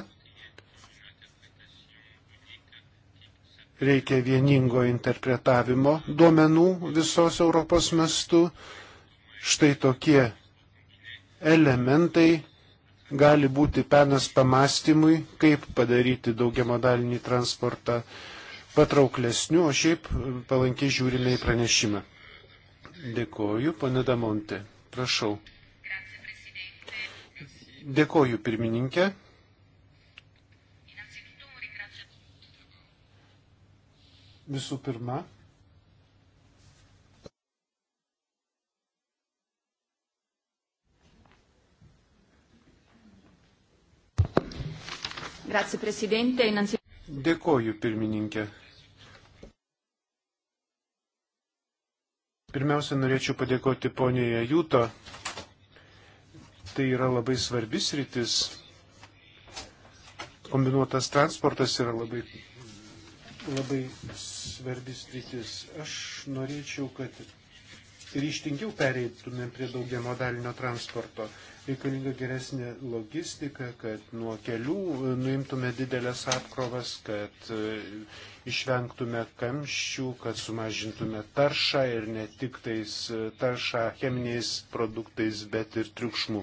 S3: Reikia vieningo interpretavimo duomenų visos Europos mastu. Štai tokie elementai gali būti penas pamastymui, kaip padaryti daugiamodalinį transportą uh, patrauklesniu, o šiaip palankiai žiūrime į pranešimą. Dėkoju, pana Damonte. Prašau. Dėkoju, pirmininkė. Visų pirma, Dėkoju, pirmininkė. Pirmiausia, norėčiau padėkoti ponėje Jūto. Tai yra labai svarbis rytis. Kombinuotas transportas yra labai, labai svarbis rytis. Aš norėčiau, kad ryštingiau pereitume prie daugiamodalinio transporto. Reikalinga geresnė logistika, kad nuo kelių e, nuimtume didelės apkrovas, kad e, išvengtume kamščių, kad sumažintume taršą ir ne tik tais e, taršą cheminiais produktais, bet ir triukšmų.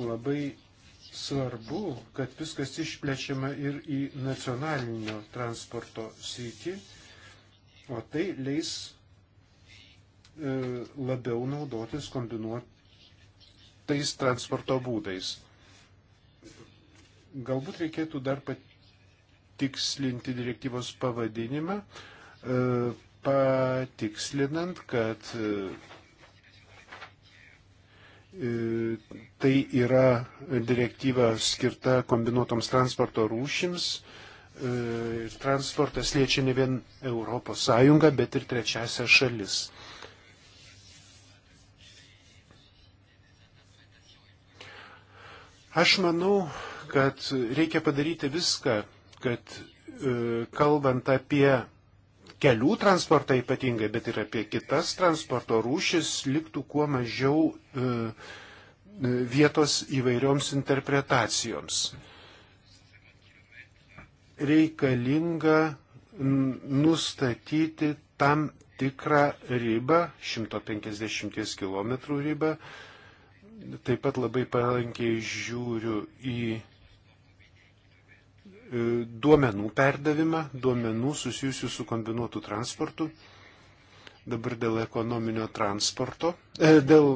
S3: Labai svarbu, kad viskas išplečiama ir į nacionalinio transporto sritį, o tai leis E, labiau naudotis kombinuotais transporto būdais. Galbūt reikėtų dar patikslinti direktyvos pavadinimą, e, patikslinant, kad e, tai yra direktyva skirta kombinuotoms transporto rūšims, transportas liečia ne vien Europos Sąjungą, bet ir trečiasią šalis. Aš manau, kad reikia padaryti viską, kad e, kalbant apie kelių transportą ypatingai, bet ir apie kitas transporto rūšis, liktų kuo mažiau e, e, vietos įvairioms interpretacijoms. Reikalinga nustatyti tam tikrą ribą, 150 km ribą, taip pat labai palankiai žiūriu į e, duomenų perdavimą, duomenų susijusių su kombinuotu transportu. Dabar dėl ekonominio transporto, e, dėl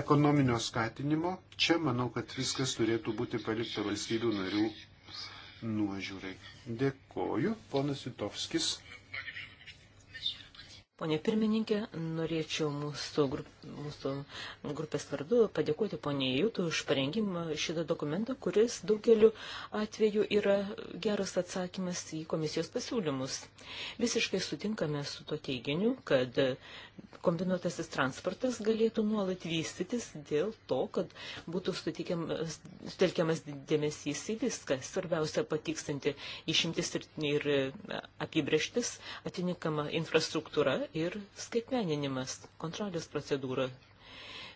S3: ekonominio skatinimo, čia manau, kad viskas turėtų būti palikta valstybių narių nuožiūrai. Dėkoju, ponas Jutovskis.
S4: Pone pirmininkė, norėčiau mūsų, grup, mūsų grupės vardu padėkoti ponė Jūtų už parengimą šitą dokumentą, kuris daugeliu atveju yra geras atsakymas į komisijos pasiūlymus. Visiškai sutinkame su to teiginiu, kad kombinuotasis transportas galėtų nuolat vystytis dėl to, kad būtų sutelkiamas dėmesys į viską. Svarbiausia patiksinti išimtis ir, ir apibrieštis, atininkama infrastruktūra ir skaitmeninimas, kontrolės procedūra.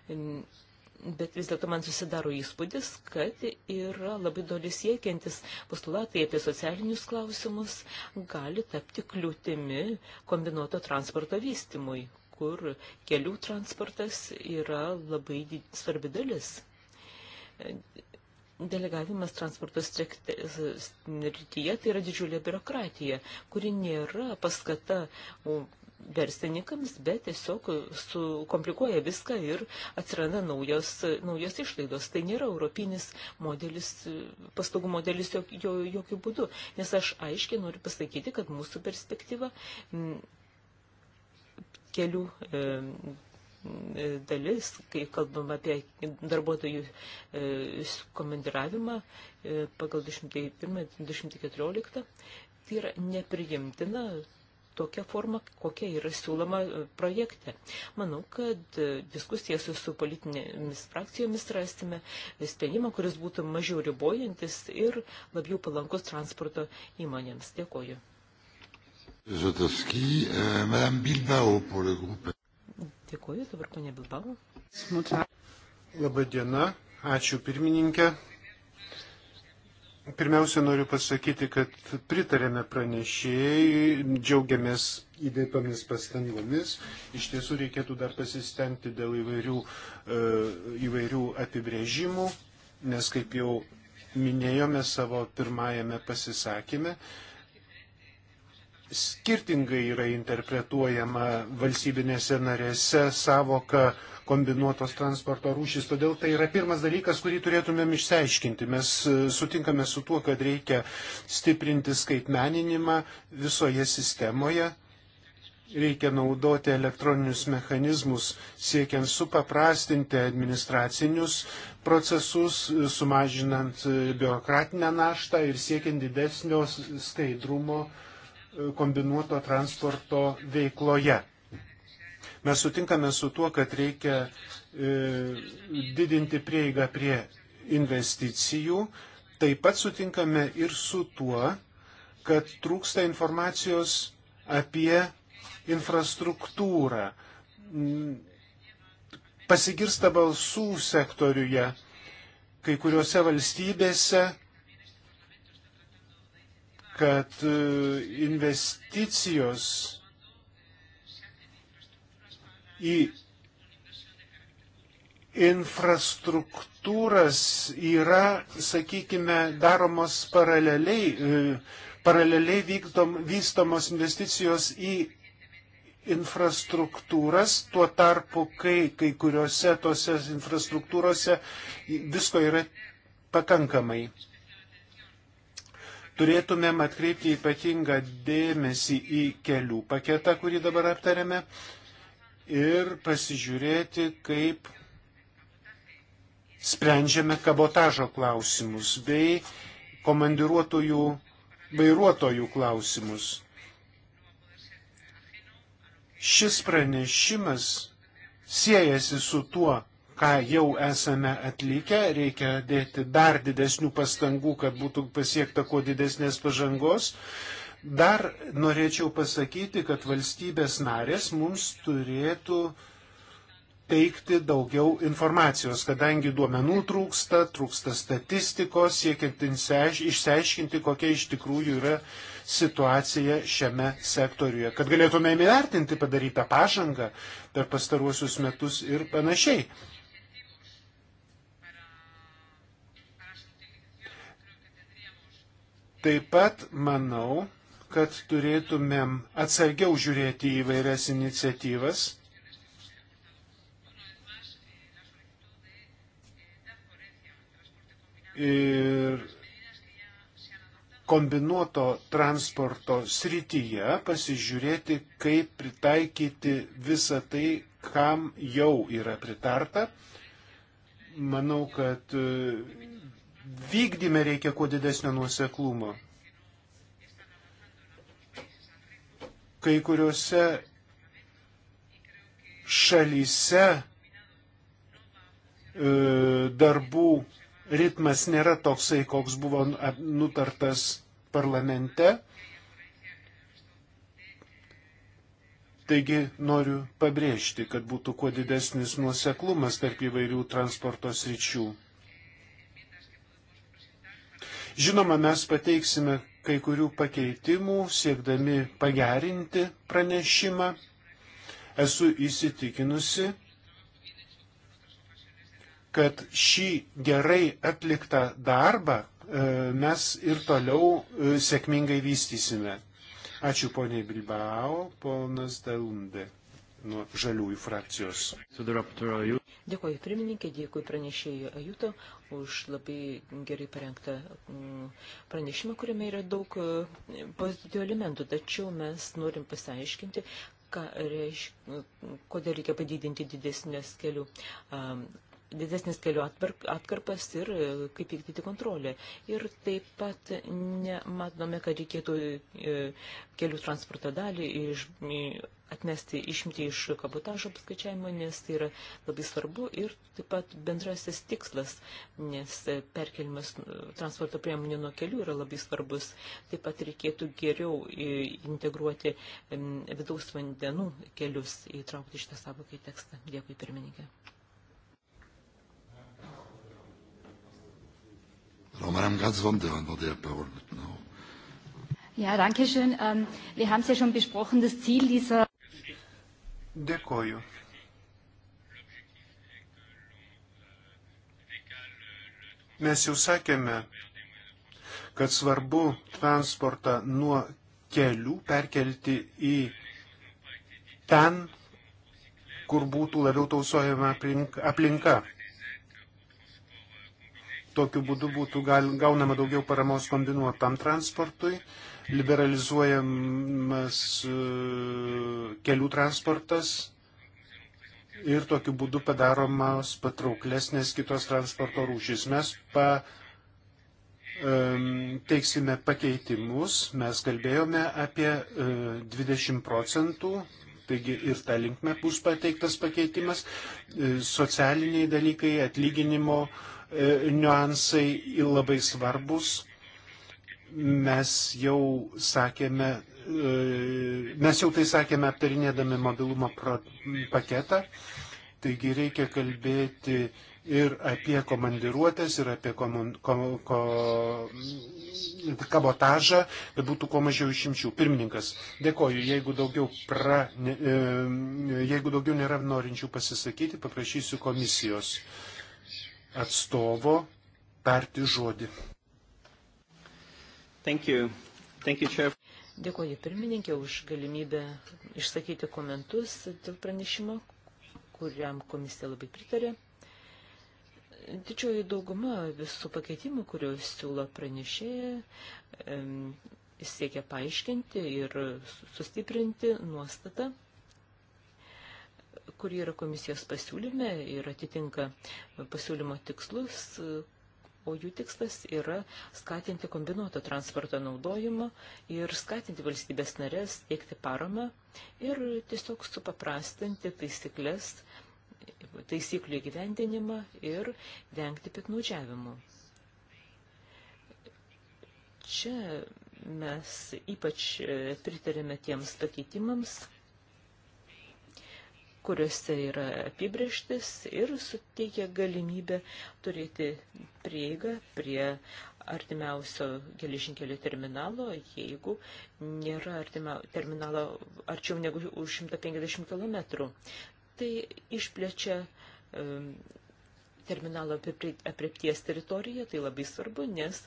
S4: Bet vis dėlto man susidaro įspūdis, kad yra labai doli siekiantis postulatai apie socialinius klausimus gali tapti kliūtimi kombinuoto transporto vystimui, kur kelių transportas yra labai svarbi dalis. Delegavimas transporto srityje tai yra didžiulė biurokratija, kuri nėra paskata verslininkams, bet tiesiog sukomplikuoja viską ir atsiranda naujos, naujos išlaidos. Tai nėra europinis modelis, paslaugų modelis jok, jo, jokių būdų, nes aš aiškiai noriu pasakyti, kad mūsų perspektyva m, kelių e, dalis, kai kalbam apie darbuotojų e, komandiravimą e, pagal 201-214, tai yra nepriimtina tokia forma, kokia yra siūloma e, projekte. Manau, kad e, diskusijose su politinėmis frakcijomis rasime e, sprendimą, kuris būtų mažiau ribojantis ir labiau palankus transporto įmonėms. Dėkoju.
S3: Dėkoju, dabar ponė Bilbao. Labai diena, ačiū pirmininkė. Pirmiausia, noriu pasakyti, kad pritarėme pranešėjai, džiaugiamės įdėtomis pastangomis. Iš tiesų reikėtų dar pasistengti dėl įvairių, e, įvairių apibrėžimų, nes kaip jau minėjome savo pirmajame pasisakymė, skirtingai yra interpretuojama valstybinėse narėse savoka kombinuotos transporto rūšys. Todėl tai yra pirmas dalykas, kurį turėtumėm išsiaiškinti. Mes e, sutinkame su tuo, kad reikia stiprinti skaitmeninimą visoje sistemoje. Reikia naudoti elektroninius mechanizmus, siekiant supaprastinti administracinius procesus, e, sumažinant e, biurokratinę naštą ir siekiant didesnio skaidrumo uh, kombinuoto transporto veikloje. Mes sutinkame su tuo, kad reikia e, didinti prieigą prie investicijų, taip pat sutinkame ir su tuo, kad trūksta informacijos apie infrastruktūrą. Pasigirsta balsų sektoriuje, kai kuriuose valstybėse kad e, investicijos į infrastruktūras yra, sakykime, daromos paraleliai, e, paraleliai vykdom, vystomos investicijos į infrastruktūras, tuo tarpu, kai kai kuriuose tose infrastruktūrose visko yra pakankamai. Turėtumėm atkreipti ypatingą dėmesį į kelių paketą, kurį dabar aptarėme, ir pasižiūrėti, kaip sprendžiame kabotažo klausimus bei komandiruotojų vairuotojų klausimus. Šis pranešimas siejasi su tuo, ką jau esame atlikę, reikia dėti dar didesnių pastangų, kad būtų pasiekta kuo didesnės pažangos. Dar norėčiau pasakyti, kad valstybės narės mums turėtų teikti daugiau informacijos, kadangi duomenų trūksta, trūksta statistikos, siekiant išsiaiškinti, kokia iš tikrųjų yra situacija šiame sektoriuje, kad galėtume įvertinti padarytą pažangą per pastaruosius metus ir panašiai. Taip pat manau, kad turėtumėm atsargiau žiūrėti į vairias iniciatyvas. Ir kombinuoto transporto srityje pasižiūrėti, kaip pritaikyti visą tai, kam jau yra pritarta. Manau, kad vykdyme reikia kuo didesnio nuoseklumo. Kai kuriuose šalyse e, darbų ritmas nėra toksai, koks buvo nutartas parlamente. Taigi noriu pabrėžti, kad būtų kuo didesnis nuoseklumas tarp įvairių transporto sričių. Žinoma, mes pateiksime kai kurių pakeitimų, siekdami pagerinti pranešimą. Esu įsitikinusi, kad šį gerai atliktą darbą e, mes ir toliau e, sėkmingai vystysime. Ačiū poniai Bilbao, ponas Dalundė nuo žaliųjų frakcijos.
S4: Dėkuoju pirmininkė, dėkuoju pranešėjai Ajuto už labai gerai parengtą mm, pranešimą, kuriame yra daug e, pozityvių elementų, tačiau mes norim pasiaiškinti, ką reiškia, kodėl reikia padidinti didesnės kelių didesnis kelių atkarpas ir e, kaip vykdyti kontrolę. Ir taip pat nematome, kad reikėtų e, kelių transporto dalį iš, atmesti išimti iš kabotažo apskaičiavimo, nes tai yra labai svarbu ir taip pat bendrasis tikslas, nes perkelimas e, transporto priemonių nuo kelių yra labai svarbus. Taip pat reikėtų geriau integruoti vidaus vandenų kelius, įtraukti šitą savoką į tekstą. Dėkui, pirmininkė.
S1: Alors, Madame Grazwonder a demandé la parole maintenant.
S2: Ja, danke schön. Ähm, wir haben es ja schon besprochen, das Ziel dieser.
S3: Dėkoju. Mes jau sakėme, kad svarbu transportą nuo kelių perkelti į ten, kur būtų labiau tausojama aplinka. Tokiu būdu būtų gal, gaunama daugiau paramos kombinuotam transportui, liberalizuojamas e, kelių transportas ir tokiu būdu padaromos patrauklesnės kitos transporto rūšys. Mes pa, teiksime pakeitimus, mes kalbėjome apie 20 e, procentų, taigi ir tą linkme bus pateiktas pakeitimas, e, socialiniai dalykai, atlyginimo E, niuansai labai svarbus. Mes jau sakėme, e, mes jau tai sakėme aptarinėdami mobilumo paketą, taigi reikia kalbėti ir apie komandiruotės, ir apie komun, ko, ko, kabotažą, kad būtų kuo mažiau išimčių. Pirmininkas, dėkoju, jeigu daugiau, pra, ne, e, jeigu daugiau nėra norinčių pasisakyti, paprašysiu komisijos. Uh, atstovo tarti žodį. Thank you. Thank you, Chair.
S4: Dėkuoju pirmininkė už galimybę išsakyti komentus dėl pranešimo, kuriam komisija labai pritarė. Didžioji dauguma visų pakeitimų, kuriuos siūlo pranešėja, siekia paaiškinti ir sustiprinti nuostatą kuri yra komisijos pasiūlyme ir atitinka pasiūlymo tikslus, o jų tikslas yra skatinti kombinuoto transporto naudojimą ir skatinti valstybės narės teikti paramą ir tiesiog supaprastinti taisyklės, taisyklių įgyvendinimą ir vengti piknaudžiavimų. Čia mes ypač pritarėme tiems pakeitimams, kuriuose yra apibrieštis ir suteikia galimybę turėti prieigą prie artimiausio geležinkelio terminalo, jeigu nėra artima, terminalo arčiau negu už 150 km. Tai išplečia um, terminalo apriepties teritoriją, tai labai svarbu, nes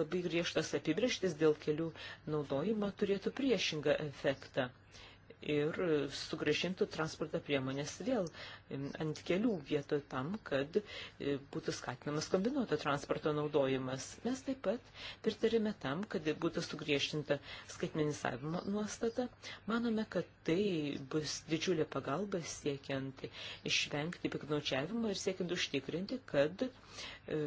S4: labai griežtas apibrieštis dėl kelių naudojimo turėtų priešingą efektą. Uh, ir sugražintų transporto priemonės vėl ant kelių vietoj tam, kad e, būtų skatinamas kombinuoto transporto naudojimas. Mes taip pat pritarėme tam, kad būtų sugriežtinta skaitmenizavimo nuostata. Manome, kad tai bus didžiulė pagalba siekiant išvengti piknaučiavimo ir siekiant užtikrinti, kad e,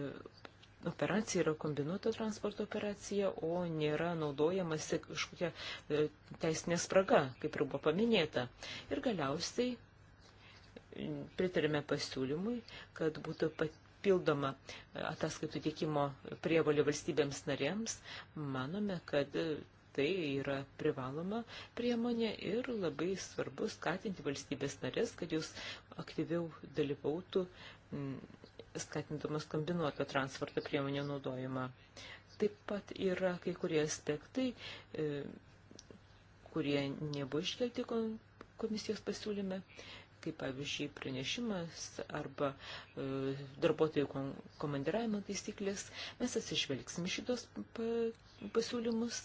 S4: operacija yra kombinuota transporto operacija, o nėra naudojamasi kažkokia e, teisinė spraga, kaip ir buvo paminėta. Ir galiausiai pritarėme pasiūlymui, kad būtų papildoma e, ataskaitų tiekimo prievalė valstybėms narėms. Manome, kad e, tai yra privaloma priemonė ir labai svarbu skatinti valstybės narės, kad jūs aktyviau dalyvautų skatindamas kombinuoto transporto priemonę naudojimą. Taip pat yra kai kurie aspektai, e, kurie nebuvo iškelti komisijos pasiūlyme, kaip pavyzdžiui pranešimas arba e, darbuotojų komandiravimo taisyklės, mes atsižvelgsim šitos pasiūlymus,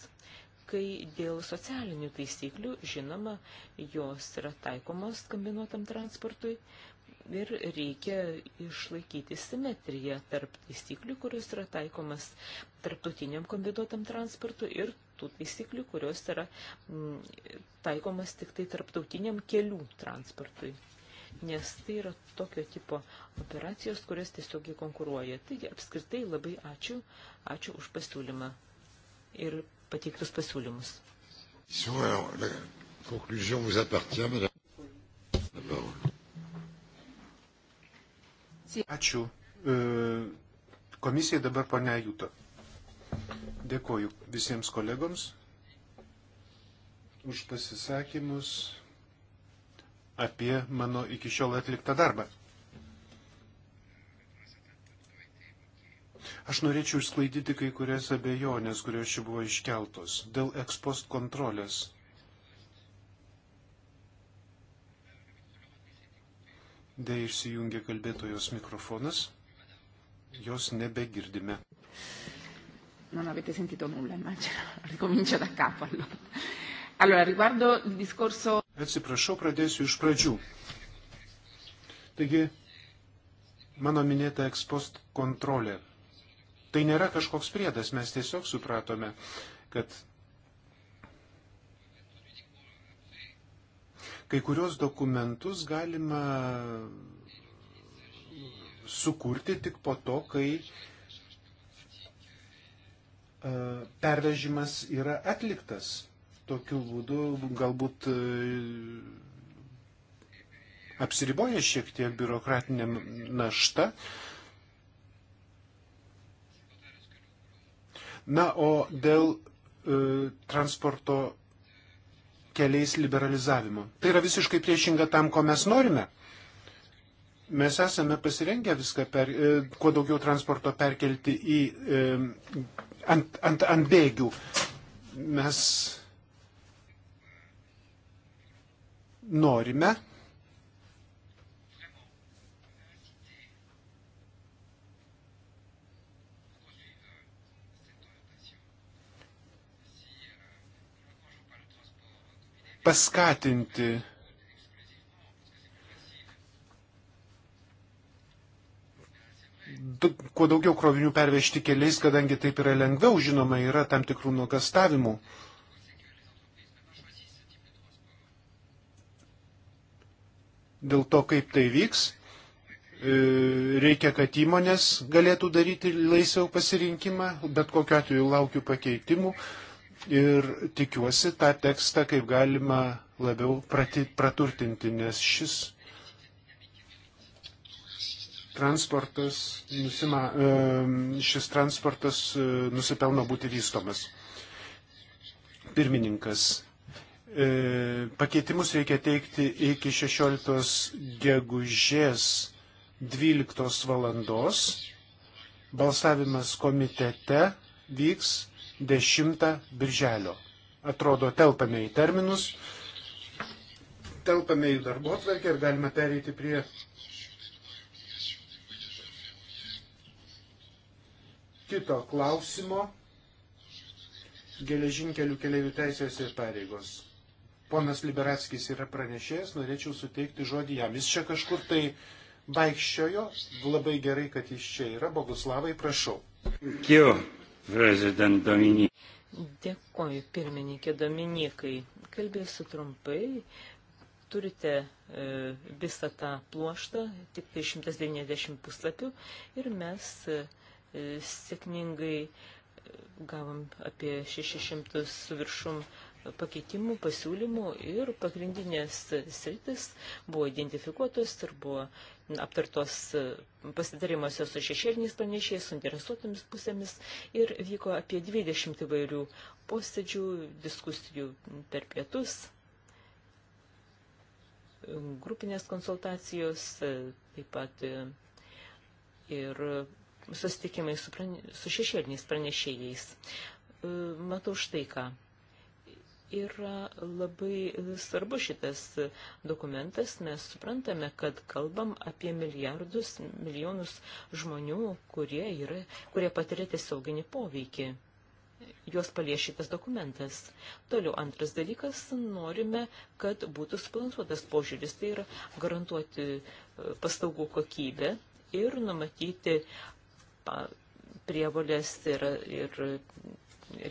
S4: kai dėl socialinių taisyklių, žinoma, jos yra taikomos kombinuotam transportui, ir reikia išlaikyti simetriją tarp taisyklių, kurios yra taikomas tarptautiniam kombinuotam transportui ir tų taisyklių, kurios yra mm, taikomas tik tai tarptautiniam kelių transportui. Nes tai yra tokio tipo operacijos, kurias tiesiogiai konkuruoja. Taigi apskritai labai ačiū, ačiū už pasiūlymą ir pateiktus pasiūlymus.
S1: Conclusion vous appartient, madame.
S3: komisija. Ačiū. E, komisijai dabar ponia Jūta. Dėkoju visiems kolegoms už pasisakymus apie mano iki šiol atliktą darbą. Aš norėčiau išsklaidyti kai kurias abejonės, kurios čia buvo iškeltos dėl ekspost kontrolės. Dėja išsijungia kalbėtojos mikrofonas. Jos nebegirdime.
S2: Non avete sentito nulla, immagino. Ricomincio da capo allora.
S3: Allora, riguardo il discorso... Atsiprašau, pradėsiu iš pradžių. Taigi, mano minėta ekspost kontrolė. Tai nėra kažkoks priedas, mes tiesiog supratome, kad kai kurios dokumentus galima sukurti tik po to, kai e, pervežimas yra atliktas. Tokiu būdu galbūt e, apsiriboja šiek tiek biurokratinė našta. Na, o dėl e, transporto keliais liberalizavimo. Tai yra visiškai priešinga tam, ko mes norime. Mes esame pasirengę viską, per, e, kuo daugiau transporto perkelti į, e, ant, ant, ant bėgių. Mes norime paskatinti kuo daugiau krovinių pervežti keliais, kadangi taip yra lengviau, žinoma, yra tam tikrų nuogastavimų. Dėl to, kaip tai vyks, e, reikia, kad įmonės galėtų daryti laisviau pasirinkimą, bet kokiu atveju laukiu pakeitimų ir tikiuosi tą tekstą kaip galima labiau prati, praturtinti, nes šis transportas, nusima, šis transportas e, nusipelno būti vystomas. Pirmininkas. E, pakeitimus reikia teikti iki 16 gegužės 12 valandos. Balsavimas komitete vyks 10 birželio. Atrodo, telpame į terminus, telpame į darbo atvarkę ir galime pereiti prie kito klausimo geležinkelių keliaivių teisės ir pareigos. Ponas Liberatskis yra pranešėjas, norėčiau suteikti žodį jam. Jis čia kažkur tai vaikščiojo, labai gerai, kad jis čia yra. Boguslavai, prašau.
S1: Kiu. President Dominik.
S4: Dėkoju, pirmininkė Dominikai. Kalbėsiu trumpai. Turite e, visą tą pluoštą, tik tai 190 puslapių ir mes e, sėkmingai e, gavom apie 600 su viršum pakeitimų, pasiūlymų ir pagrindinės sritis buvo identifikuotos ir buvo aptartos e, pasitarimuose su šešėliniais pranešėjais, su interesuotėmis pusėmis ir vyko apie 20 įvairių posėdžių, diskusijų per pietus, grupinės konsultacijos, e, taip pat e, ir susitikimai su, prane, su šešėliniais pranešėjais. Matau štai ką yra labai svarbus šitas dokumentas. Mes suprantame, kad kalbam apie milijardus, milijonus žmonių, kurie, yra, kurie patiria tiesioginį poveikį. Juos paliešitas dokumentas. Toliau antras dalykas, norime, kad būtų subalansuotas požiūris, tai yra garantuoti e, paslaugų kokybę ir numatyti prievolės ir, ir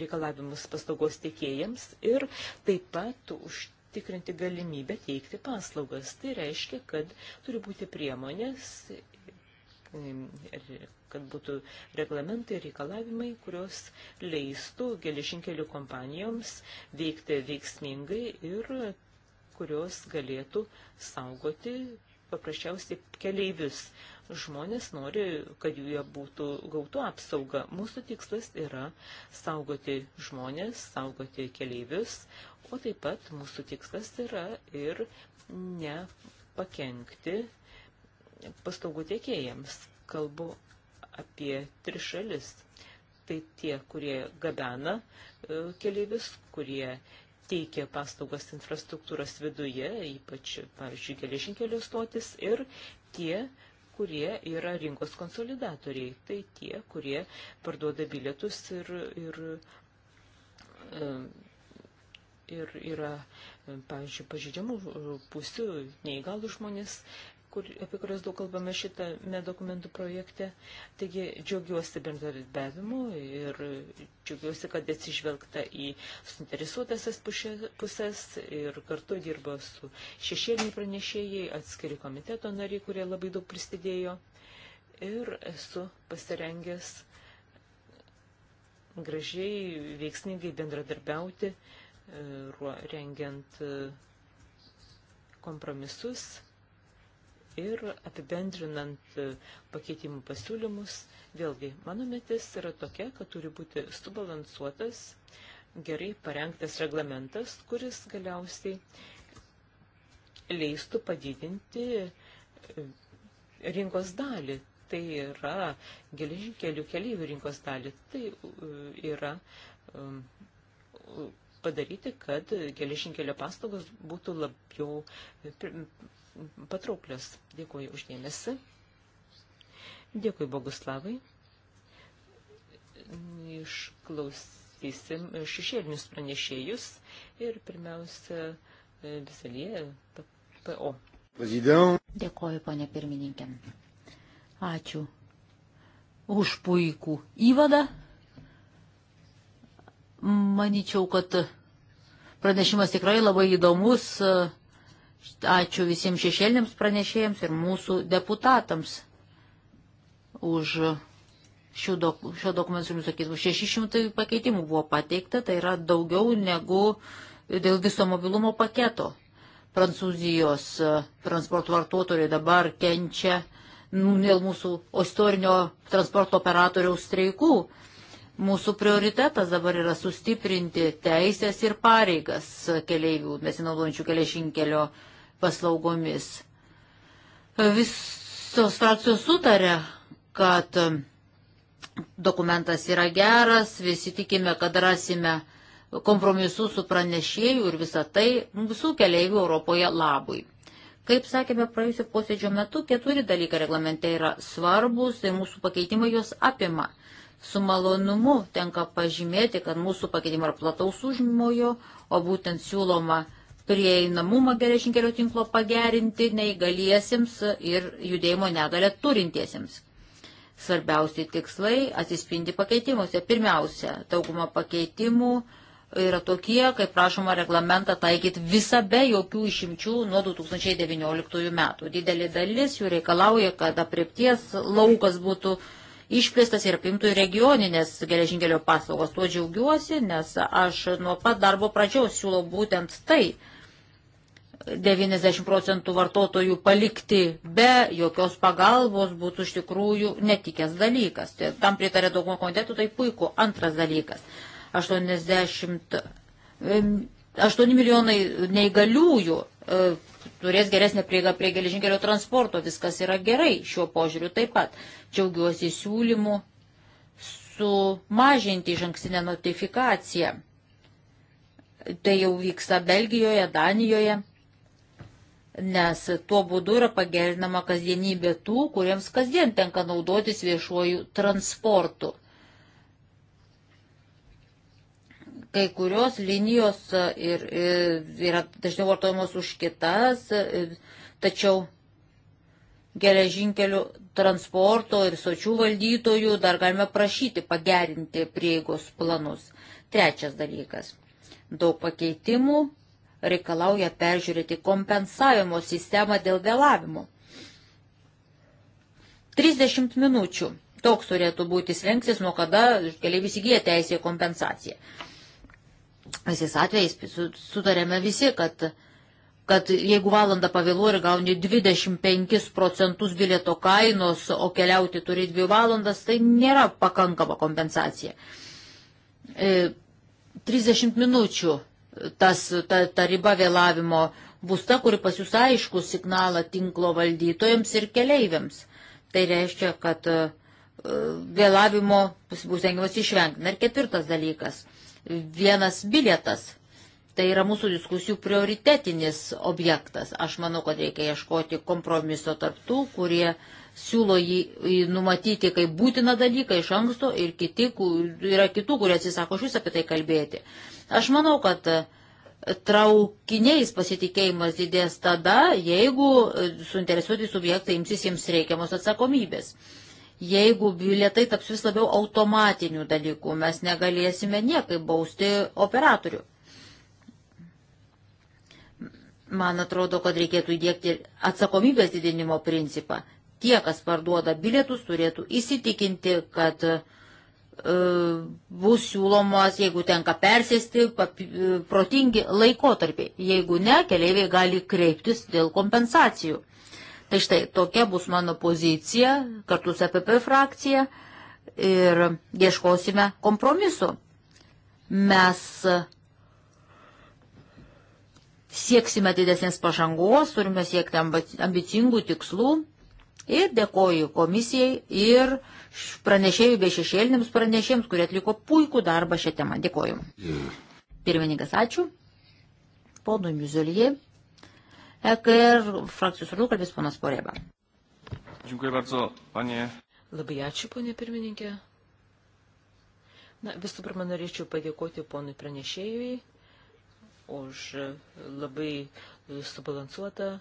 S4: reikalavimus paslaugos tiekėjams ir taip pat užtikrinti galimybę teikti paslaugas. Tai reiškia, kad turi būti priemonės kad būtų reglamentai, reikalavimai, kurios leistų geležinkelių kompanijoms veikti veiksmingai ir kurios galėtų saugoti paprasčiausiai keleivius žmonės nori, kad jie būtų gautų apsaugą. Mūsų tikslas yra saugoti žmonės, saugoti keleivius, o taip pat mūsų tikslas yra ir nepakenkti paslaugų tiekėjams. Kalbu apie tris šalis. Tai tie, kurie gabena e, keleivius, kurie teikia paslaugas infrastruktūros viduje, ypač, pavyzdžiui, geležinkelio stotis ir tie, kurie yra rinkos konsolidatoriai. Tai tie, kurie parduoda bilietus ir, ir, ir yra, pavyzdžiui, pažydžiamų pusių, neįgalų žmonės, kur, apie kurias daug kalbame šitame dokumentų projekte. Taigi džiaugiuosi bendradarbiavimu ir džiaugiuosi, kad atsižvelgta į suinteresuotasias pusės ir kartu dirba su šešėliniai pranešėjai, atskiri komiteto nariai, kurie labai daug prisidėjo. Ir esu pasirengęs gražiai, veiksmingai bendradarbiauti, e, rengiant e, kompromisus ir apibendrinant e, pakeitimų pasiūlymus, vėlgi mano metis yra tokia, kad turi būti subalansuotas, gerai parengtas reglamentas, kuris galiausiai leistų padidinti e, rinkos dalį. Tai yra geležinkelių keliaivių rinkos dalį. Tai e, yra padaryti, kad geležinkelio paslaugos būtų labiau patrauklios. Dėkuoju uždėmesi. Dėkui Boguslavai. Išklausysim šešėlinius pranešėjus ir pirmiausia e, visalie
S2: PO.
S1: Dėkoju,
S2: ponė pirmininkė. Ačiū už puikų įvadą. Manyčiau, kad pranešimas tikrai labai įdomus. Uh, Ačiū visiems šešėlėms pranešėjams ir mūsų deputatams už šio dokumento, sakytum, 600 pakeitimų buvo pateikta, tai yra daugiau negu dėl viso mobilumo paketo. Prancūzijos e, transporto vartotojai dabar kenčia nu, dėl mūsų istorinio transporto operatoriaus streikų. Mūsų prioritetas dabar yra sustiprinti teisės ir pareigas keleivių, besinaudojančių keliašinkelio kelio paslaugomis. Visos frakcijos sutarė, kad dokumentas yra geras, visi tikime, kad rasime kompromisų su pranešėjų ir visą tai visų keliaivių Europoje labui. Kaip sakėme praėjusio posėdžio metu, keturi dalykai reglamente yra svarbus ir tai mūsų pakeitimai juos apima. Su malonumu tenka pažymėti, kad mūsų pakeitimai yra plataus užmojo, o būtent siūloma prieinamumą geležinkelio tinklo pagerinti neįgaliesiems ir judėjimo negalę turintiesiems. Svarbiausiai tikslai atsispindi pakeitimuose. Pirmiausia, dauguma pakeitimų yra tokie, kaip prašoma reglamentą taikyti visą be jokių išimčių nuo 2019 metų. Didelė dalis jų reikalauja, kad apriepties laukas būtų išplėstas ir apimtų ir regioninės geležinkelio paslaugos. Tuo džiaugiuosi, nes aš nuo pat darbo pradžiaus siūlau būtent tai. 90 procentų vartotojų palikti be jokios pagalbos būtų iš tikrųjų netikęs dalykas. Tai tam pritarė daugumo komitetų, tai puiku. Antras dalykas. 80, 8 milijonai neįgaliųjų e, turės geresnę prieigą prie geležinkelio transporto. Viskas yra gerai šiuo požiūriu taip pat. Džiaugiuosi siūlymu sumažinti iš ankstinę notifikaciją. Tai jau vyksta Belgijoje, Danijoje nes tuo būdu yra pagerinama kasdienybė tų, kuriems kasdien tenka naudotis viešuoju transportu. Kai kurios linijos e, ir, ir e, yra dažniau vartojamos už kitas, e, tačiau geležinkelių transporto ir sočių valdytojų dar galime prašyti pagerinti prieigos planus. Trečias dalykas. Daug pakeitimų reikalauja peržiūrėti kompensavimo sistemą dėl vėlavimo. 30 minučių. Toks turėtų būti slengsis, nuo kada keliaivis įgyja teisę į kompensaciją. Visais atvejais sutarėme visi, kad, kad jeigu valandą pavėluoji ir gauni 25 procentus bilieto kainos, o keliauti turi 2 valandas, tai nėra pakankama kompensacija. 30 e, minučių tas, ta, ta riba vėlavimo bus ta, kuri pasiūs aišku signalą tinklo valdytojams ir keleiviams. Tai reiškia, kad e, vėlavimo bus tengiamas išvengti. Ir ketvirtas dalykas - vienas bilietas Tai yra mūsų diskusijų prioritetinis objektas. Aš manau, kad reikia ieškoti kompromiso tarptų, kurie siūlo jį numatyti kaip būtiną dalyką iš anksto ir kiti, yra kitų, kurie atsisako šis apie tai kalbėti. Aš manau, kad traukiniais pasitikėjimas didės tada, jeigu suinteresuoti subjektai imsis jiems reikiamos atsakomybės. Jeigu bilietai taps vis labiau automatinių dalykų, mes negalėsime niekaip bausti operatorių. Man atrodo, kad reikėtų įdėkti atsakomybės didinimo principą. Tie, kas parduoda bilietus, turėtų įsitikinti, kad e, bus siūlomas, jeigu tenka persėsti, papi, e, protingi laikotarpiai. Jeigu ne, keleiviai gali kreiptis dėl kompensacijų. Tai štai tokia bus mano pozicija kartu su APP e frakcija ir ieškosime kompromisu. Mes sieksime didesnės pažangos, turime siekti ambicingų tikslų. Ir dėkoju komisijai ir pranešėjų bei šešėlinėms pranešėjams, kurie atliko puikų darbą šią temą. Dėkoju. Pirmininkas, ačiū. Ponui Muzelijai. EKR frakcijos vardu kalbės ponas Poreba.
S3: Dziękuję bardzo, panie.
S2: Labai ačiū,
S4: ponė pirmininkė.
S2: Na, visų pirma, norėčiau
S4: padėkoti ponui pranešėjui už labai subalansuotą,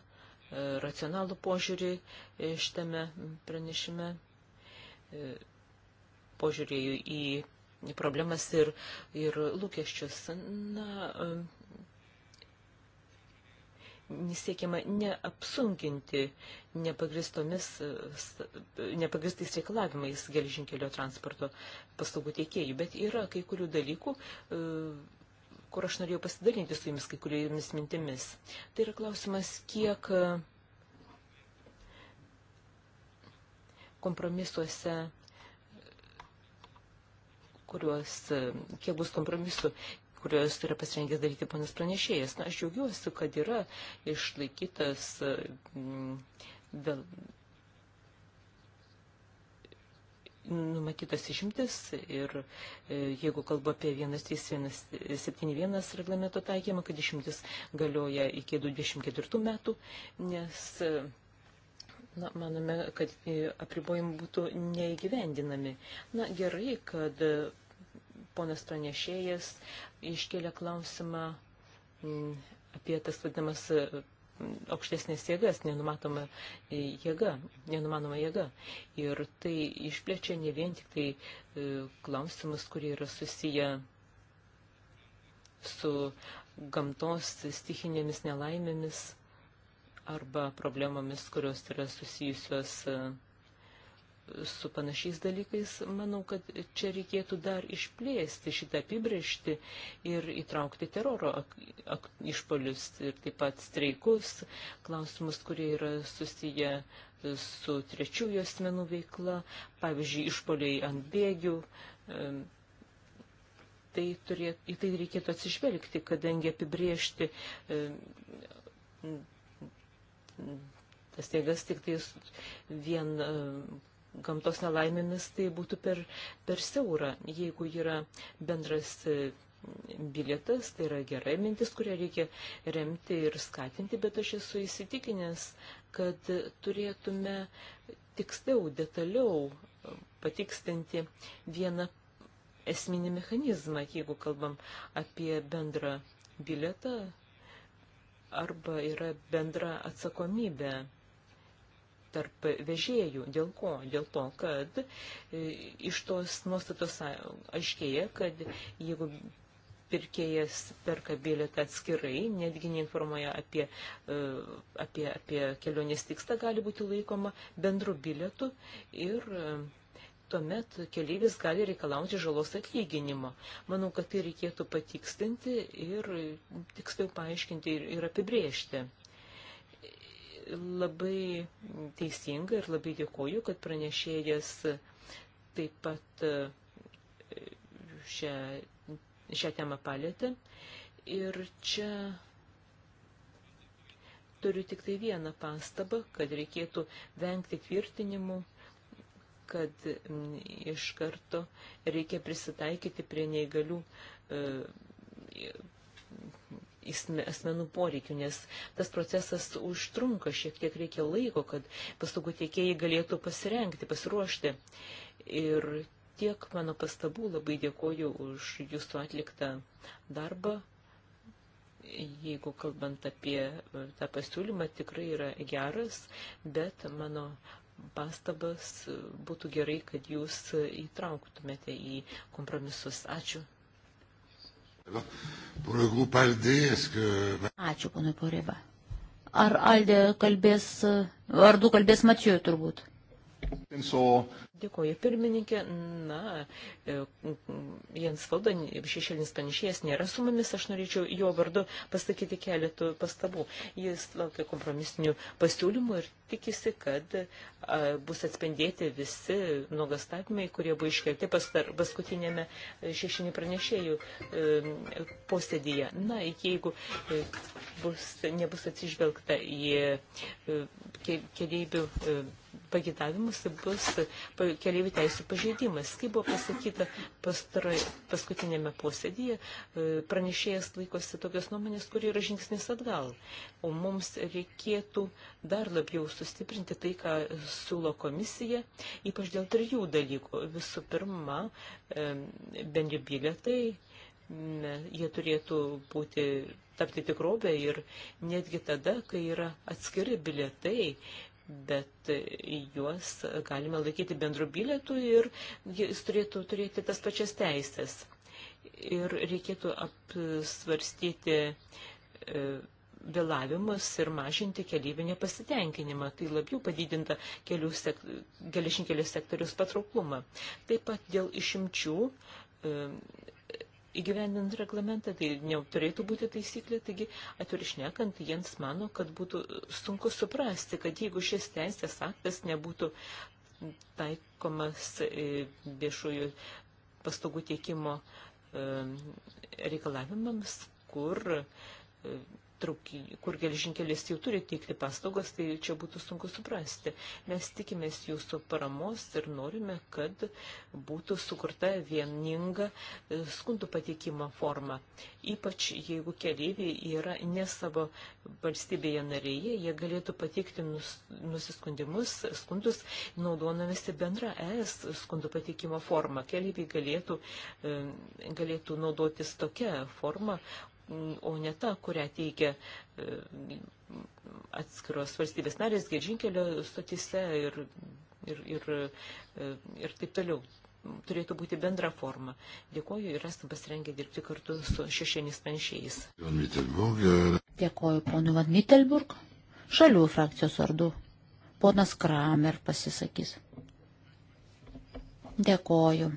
S4: racionalų požiūrį šitame pranešime, požiūrį į problemas ir, ir lūkesčius. Na, siekiama neapsunkinti nepagristais reikalavimais gelžinkelio transporto paslaugų teikėjų, bet yra kai kurių dalykų, kur aš norėjau pasidalinti su jumis kai kuriomis mintimis. Tai yra klausimas, kiek e, kompromisuose kuriuos, e, kiek bus kompromisų, kuriuos yra pasirengęs daryti panas pranešėjas. Na, aš džiaugiuosi, kad yra išlaikytas vėl e, numatytas išimtis ir e, jeigu kalbu apie 1371 reglamento taikymą, kad išimtis galioja iki 24 metų, nes e, Na, manome, kad e, apribojimai būtų neįgyvendinami. Na, gerai, kad ponas pranešėjas iškėlė klausimą apie tas vadinamas aukštesnės jėgas, nenumatoma e, jėga, nenumanoma jėga. Ir tai išplečia ne vien tik tai e, klausimus, kurie yra susiję su gamtos stichinėmis nelaimėmis arba problemomis, kurios yra susijusios uh, su panašiais dalykais, manau, kad čia reikėtų dar išplėsti šitą apibrėžti ir įtraukti teroro išpolius ir taip pat streikus, klausimus, kurie yra susiję su trečiųjų asmenų veikla, pavyzdžiui, išpoliai ant bėgių. Tai turėt, į tai reikėtų atsižvelgti, kadangi apibriežti tas jėgas tik tai vien gamtos nelaimėmis, tai būtų per, per siaura. Jeigu yra bendras e, bilietas, tai yra gerai mintis, kurią reikia remti ir skatinti, bet aš esu įsitikinęs, kad turėtume tiksliau, detaliau e, patikstinti vieną esminį mechanizmą, jeigu kalbam apie bendrą bilietą arba yra bendra atsakomybė tarp vežėjų. Dėl ko? Dėl to, kad e, iš tos nuostatos aiškėja, kad jeigu pirkėjas perka bilietą atskirai, netgi neinformuoja apie, e, apie, apie kelionės tikslą, gali būti laikoma bendru bilietu ir e, tuomet keleivis gali reikalauti žalos atlyginimo. Manau, kad tai reikėtų patikstinti ir tiksliau paaiškinti ir, ir apibriežti labai teisinga ir labai dėkoju, kad pranešėjas taip pat e, šią, šią temą palėtė. Ir čia turiu tik tai vieną pastabą, kad reikėtų vengti tvirtinimų kad iš karto reikia prisitaikyti prie neįgalių e, asmenų poreikių, nes tas procesas užtrunka, šiek tiek reikia laiko, kad paslaugų tiekėjai galėtų pasirenkti, pasiruošti. Ir tiek mano pastabų, labai dėkoju už jūsų atliktą darbą. Jeigu kalbant apie tą pasiūlymą, tikrai yra geras, bet mano pastabas būtų gerai, kad jūs įtrauktumėte į kompromisus. Ačiū.
S1: Ačiū, ponai Poreba.
S2: Ar Aldė kalbės, vardu kalbės Matijui turbūt?
S4: Dėkuoju pirmininkė. Na, e, Jens Valda, šešėlinis panešėjas, nėra su mumis, aš norėčiau jo vardu pasakyti keletų pastabų. Jis laukia kompromisinių pasiūlymų ir tikisi, kad e, bus atspendėti visi nuogastatymai, kurie buvo iškelti paskutinėme šešinių pranešėjų e, posėdyje. Na, jeigu bus, nebus atsižvelgta į keleivių pagėdavimus, tai bus keliaivių teisų pažeidimas. Kaip buvo pasakyta pastarai, paskutinėme posėdėje, e, pranešėjas laikosi tokios nuomonės, kuri yra žingsnis atgal. O mums reikėtų dar labiau sustiprinti tai, ką siūlo komisija, ypač dėl trijų dalykų. Visų pirma, e, bendri biletai jie turėtų būti, tapti tikrovę ir netgi tada, kai yra atskiri bilietai, bet juos galime laikyti bendru bilietu ir jis turėtų turėti tas pačias teisės. Ir reikėtų apsvarstyti e, vėlavimus ir mažinti keliaivių nepasitenkinimą. Tai labiau padidinta sekt, geležinkelio sektorius patrauklumą. Taip pat dėl išimčių e, įgyvendinant reglamentą, tai neturėtų būti taisyklė, taigi atvirišnekant, Jens mano, kad būtų sunku suprasti, kad jeigu šis teisės aktas nebūtų taikomas e, viešųjų paslaugų tiekimo e, reikalavimams, kur e, truk, kur gelžinkelis jau turi teikti paslaugas, tai čia būtų sunku suprasti. Mes tikimės jūsų paramos ir norime, kad būtų sukurta vieninga e, skundų pateikimo forma. Ypač jeigu keleiviai yra ne savo valstybėje narėje, jie galėtų pateikti nus, nusiskundimus, skundus, naudodamėsi bendra ES skundų pateikimo forma. Keleiviai galėtų, e, galėtų naudotis tokia forma, o ne ta, kurią teikia e, atskiros valstybės narės gėdžinkelio stotise ir, ir, ir, e, ir taip toliau. Turėtų būti bendra forma. Dėkoju ir esam pasirengę dirbti kartu su šešienis penšiais.
S2: Dėkoju, ponu Van Mittelburg. Šalių e, frakcijos vardu. Ponas Kramer pasisakys. Dėkoju.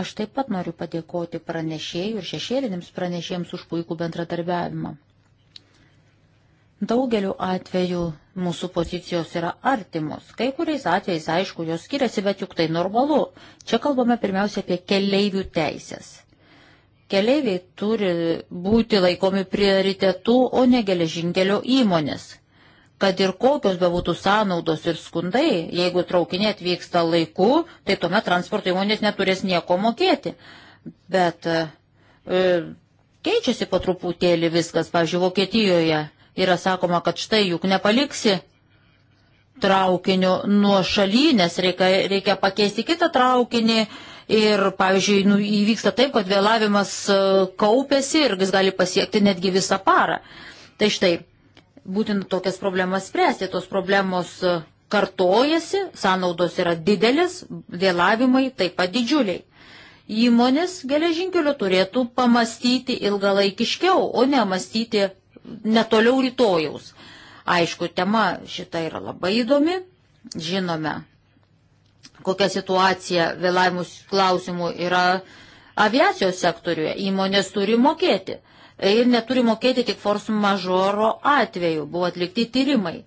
S2: Aš taip pat noriu padėkoti pranešėjų ir šešėlinėms pranešėjams už puikų bendradarbiavimą. Daugeliu atveju mūsų pozicijos yra artimos, kai kuriais atvejais, aišku, jos skiriasi, bet juk tai normalu. Čia kalbame pirmiausia apie keleivių teisės. Keleiviai turi būti laikomi prioritetu, o ne geležinkelio įmonės kad ir kokios bebūtų sąnaudos ir skundai, jeigu traukinė atvyksta laiku, tai tuomet transporto įmonės neturės nieko mokėti. Bet e, keičiasi po truputėlį viskas. Pavyzdžiui, Vokietijoje yra sakoma, kad štai juk nepaliksi traukinio nuo šalynės, reikia, reikia pakeisti kitą traukinį. Ir, pavyzdžiui, nu, įvyksta taip, kad vėlavimas e, kaupėsi ir jis gali pasiekti netgi visą parą. Tai štai, būtent tokias problemas spręsti. Tos problemos e, kartojasi, sąnaudos yra didelis, vėlavimai taip pat didžiuliai. Įmonės geležinkelio turėtų pamastyti ilgalaikiškiau, o ne mąstyti netoliau rytojaus. Aišku, tema šita yra labai įdomi. Žinome, kokia situacija vėlavimus klausimų yra aviacijos sektoriuje. Įmonės turi mokėti ir neturi mokėti tik force mažoro atveju. Buvo atlikti tyrimai.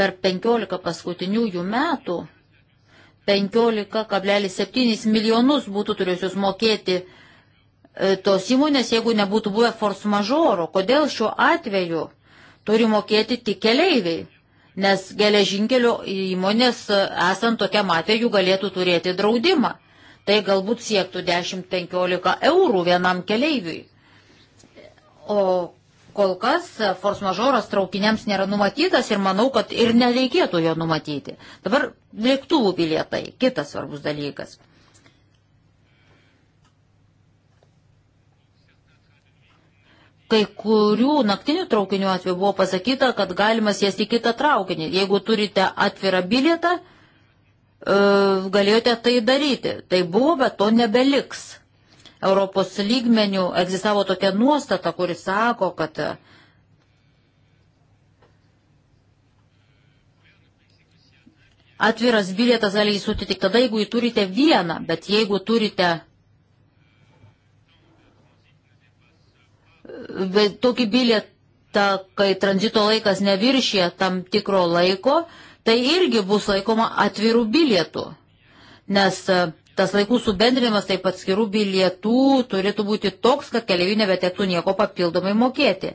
S2: Per 15 paskutinių jų metų 15,7 milijonus būtų turėjusius mokėti e, tos įmonės, jeigu nebūtų buvę force mažoro. Kodėl šiuo atveju turi mokėti tik keleiviai? Nes geležinkelio įmonės e, esant tokiam atveju galėtų turėti draudimą tai galbūt siektų 10-15 eurų vienam keleiviui. O kol kas force majoras traukiniams nėra numatytas ir manau, kad ir nereikėtų jo numatyti. Dabar lėktuvų bilietai, kitas svarbus dalykas. Kai kurių naktinių traukinių atveju buvo pasakyta, kad galima sėsti kitą traukinį. Jeigu turite atvirą bilietą, E, galėjote tai daryti. Tai buvo, bet to nebeliks. Europos lygmenių egzistavo tokia nuostata, kuri sako, kad atviras bilietas gali įsūti tik tada, jeigu jį turite vieną, bet jeigu turite tokį bilietą, kai tranzito laikas neviršė tam tikro laiko, tai irgi bus laikoma atvirų bilietų, nes e, tas laikų subendrinimas taip atskirų bilietų turėtų būti toks, kad keliaivių nebetektų nieko papildomai mokėti.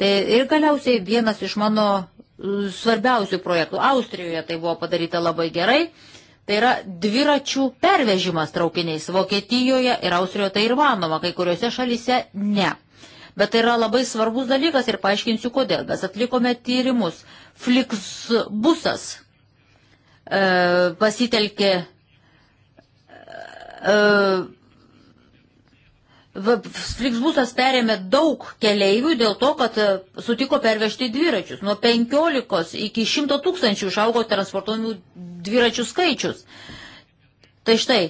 S2: Tai ir galiausiai vienas iš mano e, svarbiausių projektų Austrijoje tai buvo padaryta labai gerai. Tai yra dviračių pervežimas traukiniais. Vokietijoje ir Austrijoje tai ir manoma, kai kuriuose šalyse ne. Bet tai yra labai svarbus dalykas ir paaiškinsiu kodėl. Mes atlikome tyrimus. Flixbusas e, pasitelkė e, Flixbusas perėmė daug keleivių dėl to, kad e, sutiko pervežti dviračius. Nuo 15 iki 100 tūkstančių išaugo transportuojamų dviračių skaičius. Tai štai,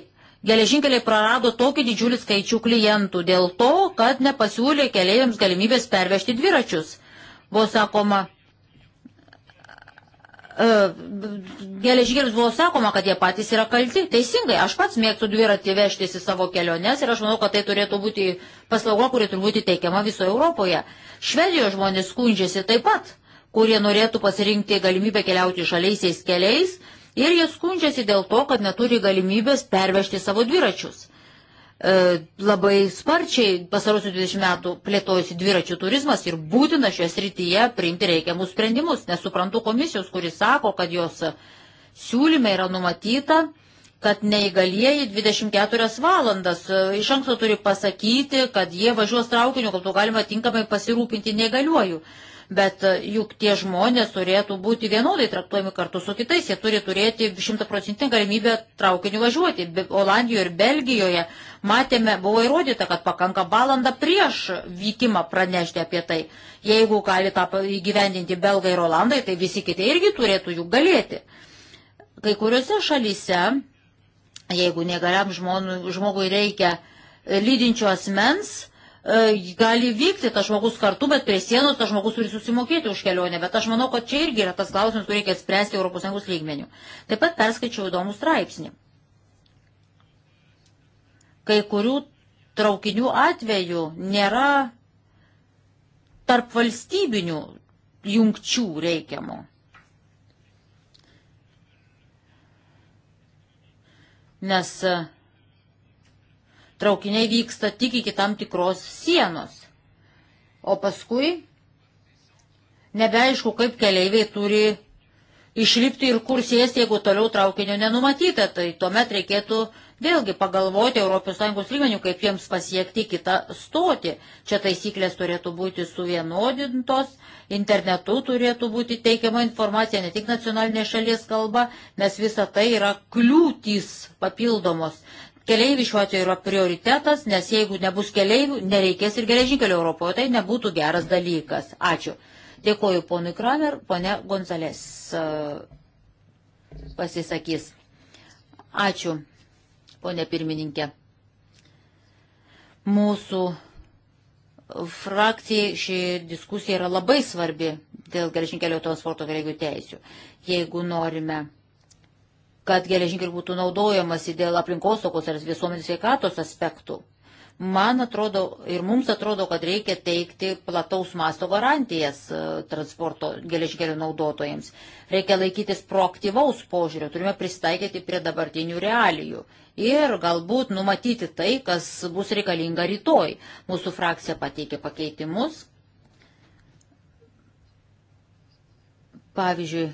S2: geležinkeliai prarado tokį didžiulį skaičių klientų dėl to, kad nepasiūlė keleiviams galimybės pervežti dviračius. Buvo sakoma, geležėlis buvo sakoma, kad jie patys yra kalti. Teisingai, aš pats mėgstu dviratį vežtis į savo keliones ir aš manau, kad tai turėtų būti paslauga, kuri turi būti teikiama visoje Europoje. Švedijos žmonės skundžiasi taip pat, kurie norėtų pasirinkti galimybę keliauti šaliaisiais keliais ir jie skundžiasi dėl to, kad neturi galimybės pervežti savo dviračius. E, labai sparčiai pasarosius 20 metų plėtojusi dviračių turizmas ir būtina šioje srityje priimti reikiamus sprendimus. Nesuprantu komisijos, kuris sako, kad jos siūlyme yra numatyta, kad neįgalieji 24 valandas e, iš anksto turi pasakyti, kad jie važiuos traukiniu, kad to galima tinkamai pasirūpinti neįgaliuoju bet e, juk tie žmonės turėtų būti vienodai traktuojami kartu su kitais, jie turi turėti šimtaprocentinę galimybę traukiniu važiuoti. Be, Olandijoje ir Belgijoje matėme, buvo įrodyta, kad pakanka valandą prieš vykimą pranešti apie tai. Jeigu gali tą įgyvendinti belgai ir olandai, tai visi kiti irgi turėtų jų galėti. Kai kuriuose šalyse, jeigu negaliam žmogui reikia lydinčio asmens, E, gali vykti tas žmogus kartu, bet prie sienos tas žmogus turi susimokėti už kelionę. Bet aš manau, kad čia irgi yra tas klausimas, kurį reikia spręsti ES lygmenių. Taip pat perskaičiau įdomų straipsnį. Kai kurių traukinių atveju nėra tarp valstybinių jungčių reikiamų. Nes traukiniai vyksta tik iki tam tikros sienos. O paskui nebeaišku, kaip keleiviai turi išlipti ir kur sėsti, jeigu toliau traukinio nenumatyta. Tai tuomet reikėtų vėlgi pagalvoti ES lygmenių, kaip jiems pasiekti kitą stotį. Čia taisyklės turėtų būti suvienodintos, internetu turėtų būti teikiama informacija, ne tik nacionalinė šalies kalba, nes visa tai yra kliūtys papildomos. Keleiviai šiuo atveju yra prioritetas, nes jeigu nebus keleivių, nereikės ir geležinkelio Europoje, tai nebūtų geras dalykas. Ačiū. Dėkoju ponui Kramer, ponė Gonzalės e, pasisakys. Ačiū, ponė pirmininkė. Mūsų frakcijai ši diskusija yra labai svarbi dėl geležinkelio transporto vėliavų teisių. Jeigu norime kad geležinkeliai būtų naudojamasi dėl aplinkosaugos ar visuomenės sveikatos aspektų. Man atrodo ir mums atrodo, kad reikia teikti plataus masto garantijas e, transporto geležinkelių naudotojams. Reikia laikytis proaktyvaus požiūrio, turime pristaikyti prie dabartinių realijų ir galbūt numatyti tai, kas bus reikalinga rytoj. Mūsų frakcija pateikė pakeitimus. Pavyzdžiui,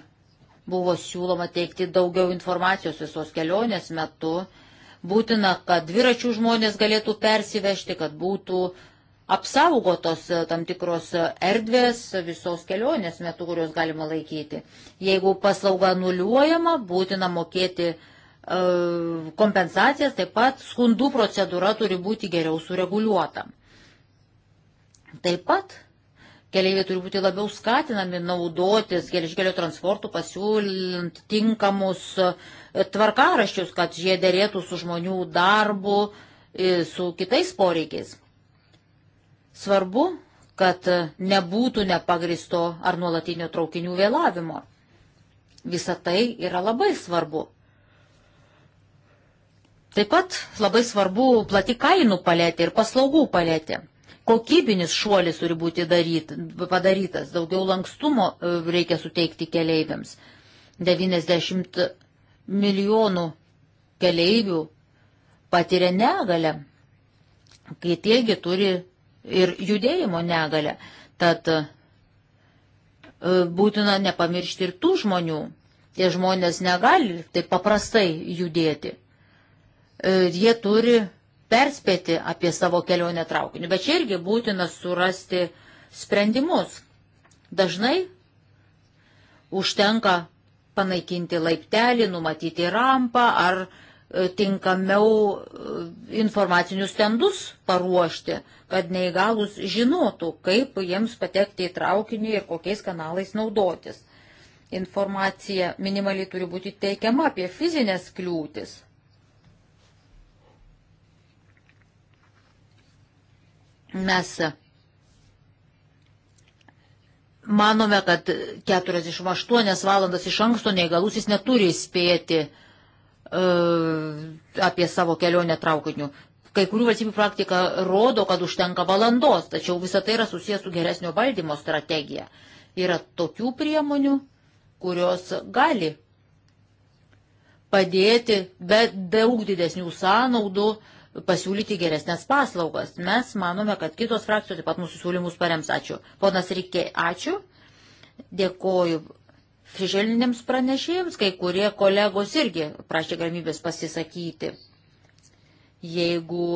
S2: buvo siūloma teikti daugiau informacijos visos kelionės metu. Būtina, kad dviračių žmonės galėtų persivežti, kad būtų apsaugotos e, tam tikros e, erdvės visos kelionės metu, kurios galima laikyti. Jeigu paslauga nuliuojama, būtina mokėti e, kompensacijas, taip pat skundų procedūra turi būti geriau sureguliuota. Taip pat Keleiviai turi būti labiau skatinami naudotis geležkelio transportu, pasiūlint tinkamus e, tvarkaraščius, kad jie dėrėtų su žmonių darbu, e, su kitais poreikiais. Svarbu, kad nebūtų nepagristo ar nuolatinio traukinių vėlavimo. Visa tai yra labai svarbu. Taip pat labai svarbu plati kainų paletė ir paslaugų paletė kokybinis šuolis turi būti daryt, padarytas, daugiau lankstumo e, reikia suteikti keleiviams. 90 milijonų keleivių patiria negalę, kai tiegi turi ir judėjimo negalę. Tad e, būtina nepamiršti ir tų žmonių. Tie žmonės negali taip paprastai judėti. E, jie turi perspėti apie savo kelionę traukiniu. Bet čia irgi būtina surasti sprendimus. Dažnai užtenka panaikinti laiptelį, numatyti rampą ar e, tinkamiau e, informacinius stendus paruošti, kad neįgalus žinotų, kaip jiems patekti į traukinį ir kokiais kanalais naudotis. Informacija minimaliai turi būti teikiama apie fizinės kliūtis Mes manome, kad 48 valandas iš anksto neįgalusis neturi įspėti uh, apie savo kelionę traukiniu. Kai kurių valstybių praktika rodo, kad užtenka valandos, tačiau visa tai yra susijęs su geresnio valdymo strategija. Yra tokių priemonių, kurios gali padėti be daug didesnių sąnaudų uh, pasiūlyti geresnės paslaugas. Mes manome, kad kitos frakcijos taip pat mūsų siūlymus parems. Ačiū. Ponas Rikė, ačiū. Dėkoju šešėlinėms pranešėjams, kai kurie kolegos irgi prašė galimybės pasisakyti. Jeigu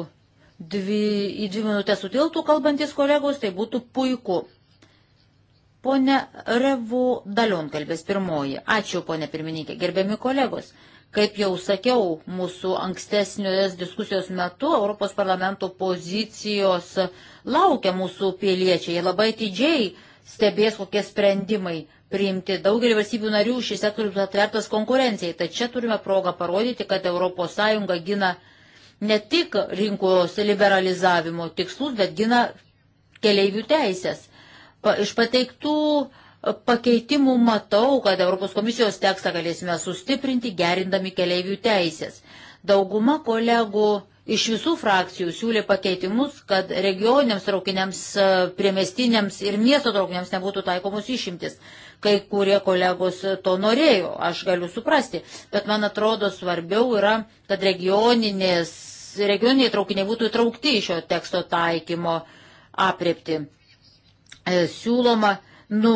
S2: dvi, į dvi minutės sutiltų kalbantis kolegos, tai būtų puiku. Pone Revu Dalion kalbės pirmoji. Ačiū, pone pirmininkė, gerbiami kolegos. Kaip jau sakiau, mūsų ankstesnės diskusijos metu Europos parlamento pozicijos laukia mūsų piliečiai. Jie labai didžiai stebės, kokie sprendimai priimti. Daugelį valstybių narių šis sektorius atvertas konkurencijai. Tad čia turime progą parodyti, kad ES gina ne tik rinkos liberalizavimo tikslus, bet gina keleivių teisės. Pa, iš pateiktų uh, pakeitimų matau, kad Europos komisijos tekstą galėsime sustiprinti, gerindami keleivių teisės. Dauguma kolegų iš visų frakcijų siūlė pakeitimus, kad regioniniams traukiniams, e, priemestiniams ir miesto traukiniams nebūtų taikomos išimtis. Kai kurie kolegos to norėjo, aš galiu suprasti, bet man atrodo svarbiau yra, kad regioniniai traukiniai būtų įtraukti iš šio teksto taikymo apriepti. E, siūloma nu,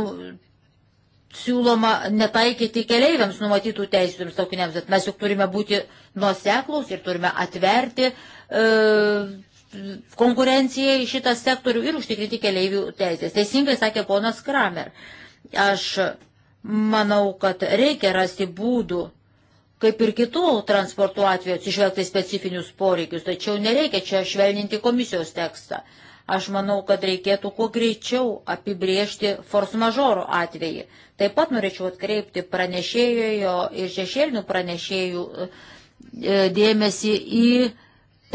S2: siūloma netaikyti keleiviams numatytų teisų tiems traukiniams, bet mes juk turime būti nuoseklus ir turime atverti e, konkurencijai šitą sektorių ir užtikrinti keleivių teisės. Teisingai sakė ponas Kramer. Aš manau, kad reikia rasti būdų, kaip ir kitų transporto atveju, atsižvelgti specifinius poreikius, tačiau nereikia čia švelninti komisijos tekstą. E, Aš manau, kad reikėtų kuo greičiau apibriežti force majoro atvejį. Taip pat norėčiau atkreipti pranešėjo ir šešėlinių pranešėjų e, dėmesį į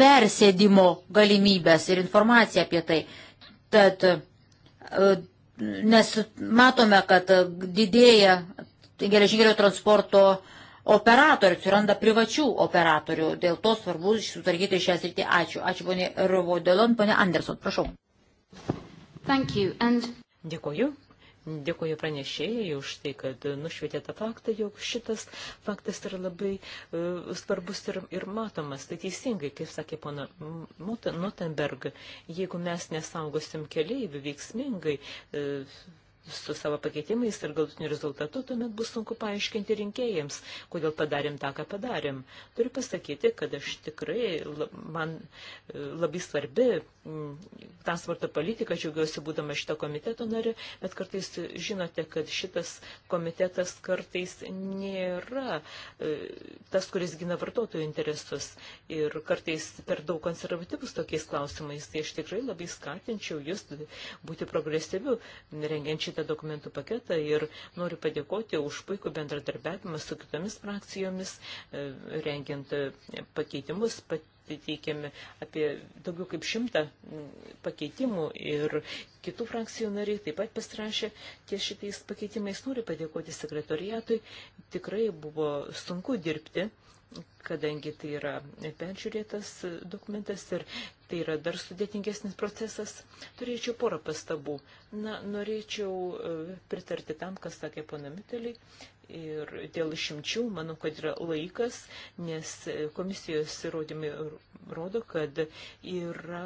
S2: persėdimo galimybės ir informaciją apie tai. Tad, e, nes matome, kad didėja geležinkelio transporto uh, operatorių, atsiranda privačių operatorių. Dėl to svarbu sutvarkyti šią sritį. Ačiū. Ačiū, ponė Rovodelon, ponė Anderson, prašau. And...
S4: Dėkuoju. Dėkuoju pranešėjai už tai, kad nušvietė tą faktą, jog šitas faktas yra labai uh, svarbus ir, ir matomas. Tai teisingai, kaip sakė pana Notenberg, jeigu mes nesaugosim keliaivių veiksmingai, uh, su savo pakeitimais ir galutiniu rezultatu, tuomet bus sunku paaiškinti rinkėjams, kodėl padarėm tą, ką padarėm. Turiu pasakyti, kad aš tikrai, man e, labai svarbi mm, transporto politika, džiaugiuosi būdama šito komiteto nari, bet kartais žinote, kad šitas komitetas kartais nėra e, tas, kuris gina vartotojų interesus ir kartais per daug konservatyvus tokiais klausimais. Tai aš tikrai labai skatinčiau jūs būti progresyviu rengiančiai šitą dokumentų paketą ir noriu padėkoti už puikų bendradarbiavimą su kitomis frakcijomis, e, rengiant e, pakeitimus, pateikėme apie daugiau kaip šimtą pakeitimų ir kitų frakcijų nariai taip pat pasirašė ties šitais pakeitimais. Noriu padėkoti sekretoriatui, tikrai buvo sunku dirbti kadangi tai yra peržiūrėtas dokumentas ir tai yra dar sudėtingesnis procesas. Turėčiau porą pastabų. Na, norėčiau e, pritarti tam, kas sakė pana Mitelį. Ir dėl išimčių, manau, kad yra laikas, nes e, komisijos įrodymai rodo, kad yra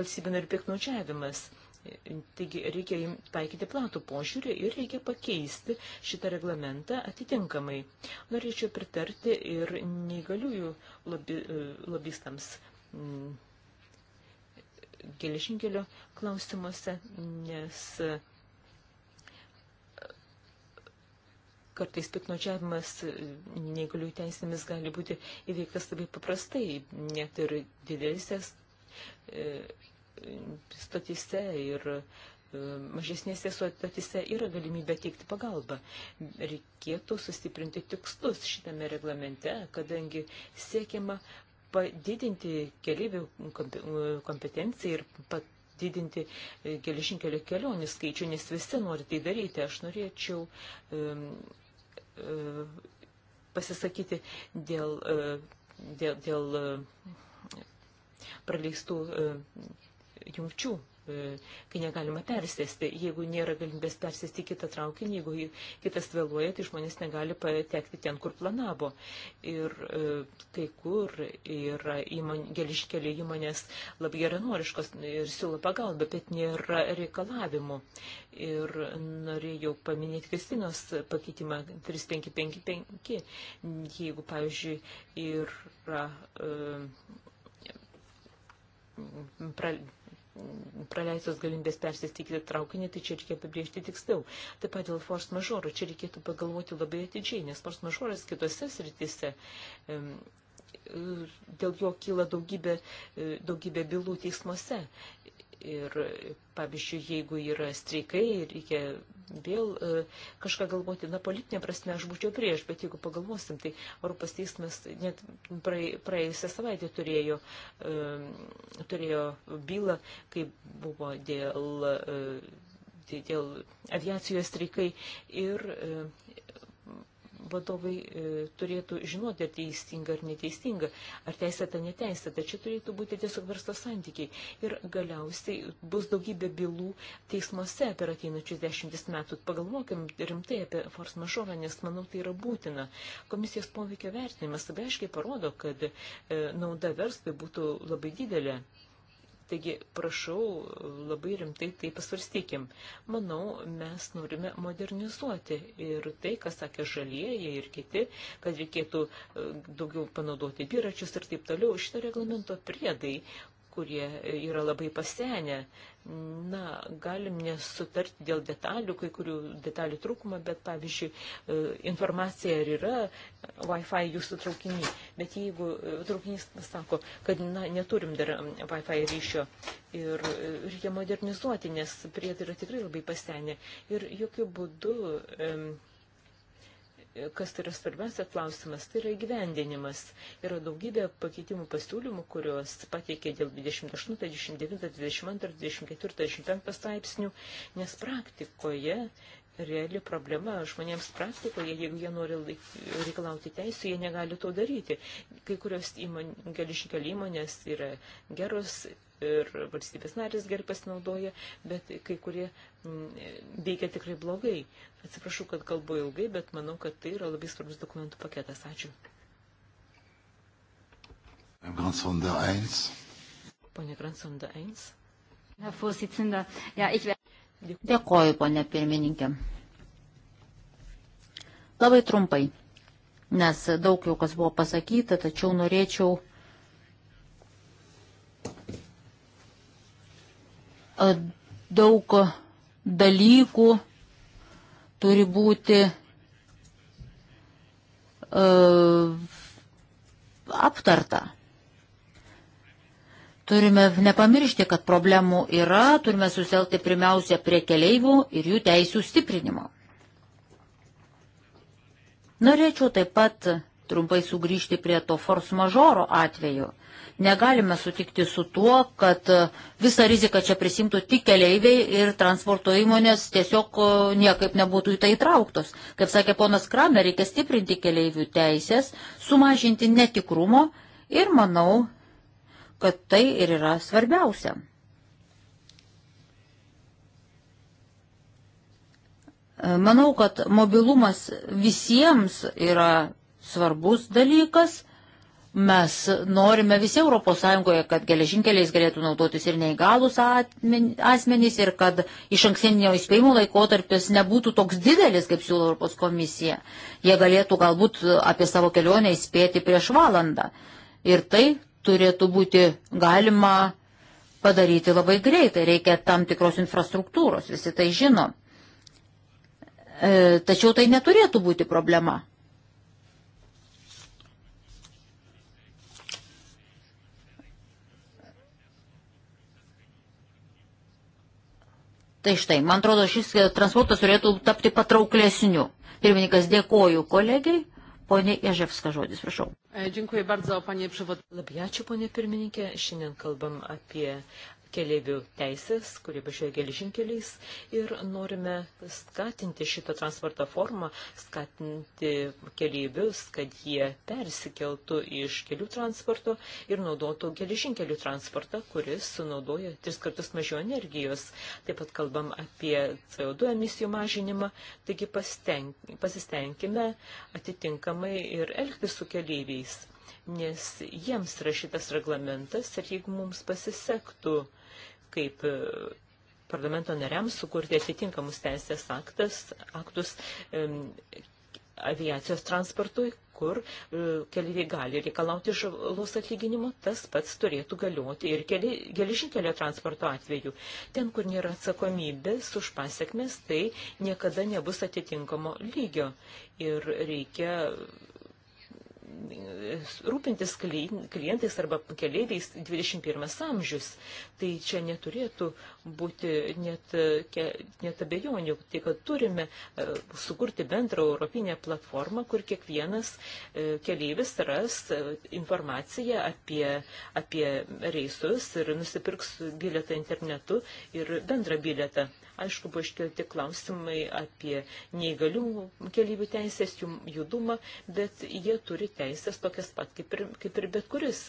S4: valstybė narių piknaudžiavimas. Taigi reikia taikyti platų požiūrį ir reikia pakeisti šitą reglamentą atitinkamai. Norėčiau pritarti ir neįgaliųjų lobi, e, lobistams geležinkelio klausimuose, nes kartais piknaudžiavimas e, neįgalių teisėmis gali būti įveiktas labai paprastai, net ir didelėse statise ir e, mažesnėse suotatise yra galimybė teikti pagalbą. Reikėtų sustiprinti tikslus šitame reglamente, kadangi siekiama padidinti keliaivių kompetenciją ir padidinti e, geležinkelio kelionių skaičių, nes visi nori tai daryti. Aš norėčiau um, um, pasisakyti dėl, dėl, dėl praleistų um, jungčių, e, kai negalima persėsti. Jeigu nėra galimybės persėsti kitą traukinį, jeigu kitas vėluoja, tai žmonės negali patekti ten, kur planavo. Ir kai e, kur yra įmon, geliškelių įmonės labai geranoriškos ir siūlo pagalbą, bet nėra reikalavimų. Ir norėjau paminėti Kristinos pakeitimą 3555. Jeigu, pavyzdžiui, yra. E, pra, praleistos galimybės persistikti traukinį, tai čia reikia apibriežti tiksliau. Taip pat dėl force majeure, čia reikėtų pagalvoti labai atidžiai, nes force majeures kitose sritise dėl jo kyla daugybė, daugybė bylų teismuose. Ir, pavyzdžiui, jeigu yra streikai ir reikia vėl e, kažką galvoti, na, politinė prasme aš būčiau prieš, bet jeigu pagalvosim, tai Europos teismas net praėjusią savaitę turėjo, e, turėjo bylą, kai buvo dėl, e, dėl aviacijos streikai ir vadovai e, turėtų žinoti, ar teisinga ar neteisinga, ar teisėta neteisėta. Čia turėtų būti tiesiog verslo santykiai. Ir galiausiai bus daugybė bylų teismuose per ateinačius dešimtis metų. Pagalvokim rimtai apie force majeure, nes manau tai yra būtina. Komisijos poveikio vertinimas labai aiškiai parodo, kad e, nauda verslui būtų labai didelė. Taigi, prašau, labai rimtai tai pasvarstykim. Manau, mes norime modernizuoti ir tai, kas sakė žalieji ir kiti, kad reikėtų e, daugiau panaudoti dviračius ir taip toliau. Šito reglamento priedai, kurie yra labai pasenę. Na, galim nesutarti dėl detalių, kai kurių detalių trūkumą, bet pavyzdžiui, e, informacija ir yra Wi-Fi jūsų traukiny, bet jeigu e, traukinys sako, kad na, neturim dar Wi-Fi ryšio ir e, reikia modernizuoti, nes priedai yra tikrai labai pasenę ir jokių būdų. Um, kas tai yra svarbiausia klausimas, tai yra įgyvendinimas. Yra daugybė pakeitimų pasiūlymų, kuriuos pateikė dėl 28, 29, 22, 24, 25 straipsnių, nes praktikoje reali problema žmonėms praktikoje, jeigu jie nori laik, reikalauti teisų, jie negali to daryti. Kai kurios įmon, gališkeli įmonės yra geros ir valstybės narės gerai pasinaudoja, bet kai kurie mm, veikia tikrai blogai. Atsiprašau, kad kalbu ilgai, bet manau, kad tai yra labai svarbus dokumentų paketas. Ačiū.
S2: Pone Gransonda Eins. Dėkoju, ponė pirmininkė. Labai trumpai, nes daug jau kas buvo pasakyta, tačiau norėčiau daug dalykų turi būti aptarta. Turime nepamiršti, kad problemų yra, turime suselti pirmiausia prie keleivių ir jų teisų stiprinimo. Norėčiau taip pat trumpai sugrįžti prie to force mažoro atveju. Negalime sutikti su tuo, kad e, visą riziką čia prisimtų tik keleiviai ir transporto įmonės tiesiog e, niekaip nebūtų į tai įtrauktos. Kaip sakė ponas Kramer, reikia stiprinti keleivių teisės, sumažinti netikrumo ir manau, kad tai ir yra svarbiausia. E, manau, kad mobilumas visiems yra svarbus dalykas. Mes norime visi ES, kad geležinkeliais galėtų naudotis ir neįgalus asmenys ir kad iš anksinio įspėjimo laikotarpis nebūtų toks didelis, kaip siūlo Europos komisija. Jie galėtų galbūt apie savo kelionę įspėti prieš valandą. Ir tai turėtų būti galima padaryti labai greitai. Reikia tam tikros infrastruktūros, visi tai žino. E, tačiau tai neturėtų būti problema. Tai štai, man atrodo, šis e, transportas turėtų tapti patrauklesniu. Pirmininkas, dėkoju kolegiai. Pone Ježevska žodis, prašau.
S4: E, dziękuję bardzo, panie przewodniczący. Labai ačiū, pone pirmininkė. Šiandien kalbam apie keliaivių teisės, kurie važiuoja geležinkeliais ir norime skatinti šitą transporto formą, skatinti keliaivius, kad jie persikeltų iš kelių transporto ir naudotų geležinkelių transportą, kuris sunaudoja tris kartus mažiau energijos. Taip pat kalbam apie CO2 emisijų mažinimą, taigi pasistengime atitinkamai ir elgtis su keliaiviais nes jiems yra šitas reglamentas ir jeigu mums pasisektų kaip e, parlamento nariams sukurti atitinkamus teisės aktas, aktus aviacijos transportui, kur e, keliai gali reikalauti žalos atlyginimo, tas pats turėtų galioti ir geležinkelio transporto atveju. Ten, kur nėra atsakomybės už pasiekmes, tai niekada nebus atitinkamo lygio ir reikia rūpintis klientais arba keliaiviais 21 amžius. Tai čia neturėtų būti net, net abejonių, tai kad turime e, sukurti bendrą europinę platformą, kur kiekvienas e, keliaivis ras e, informaciją apie, apie reisus ir nusipirks bilietą internetu ir bendrą bilietą. Aišku, buvo iškelti klausimai apie neįgalių keliaivių teisės, jų judumą, bet jie turi teisės tokias pat kaip ir, kaip ir bet kuris.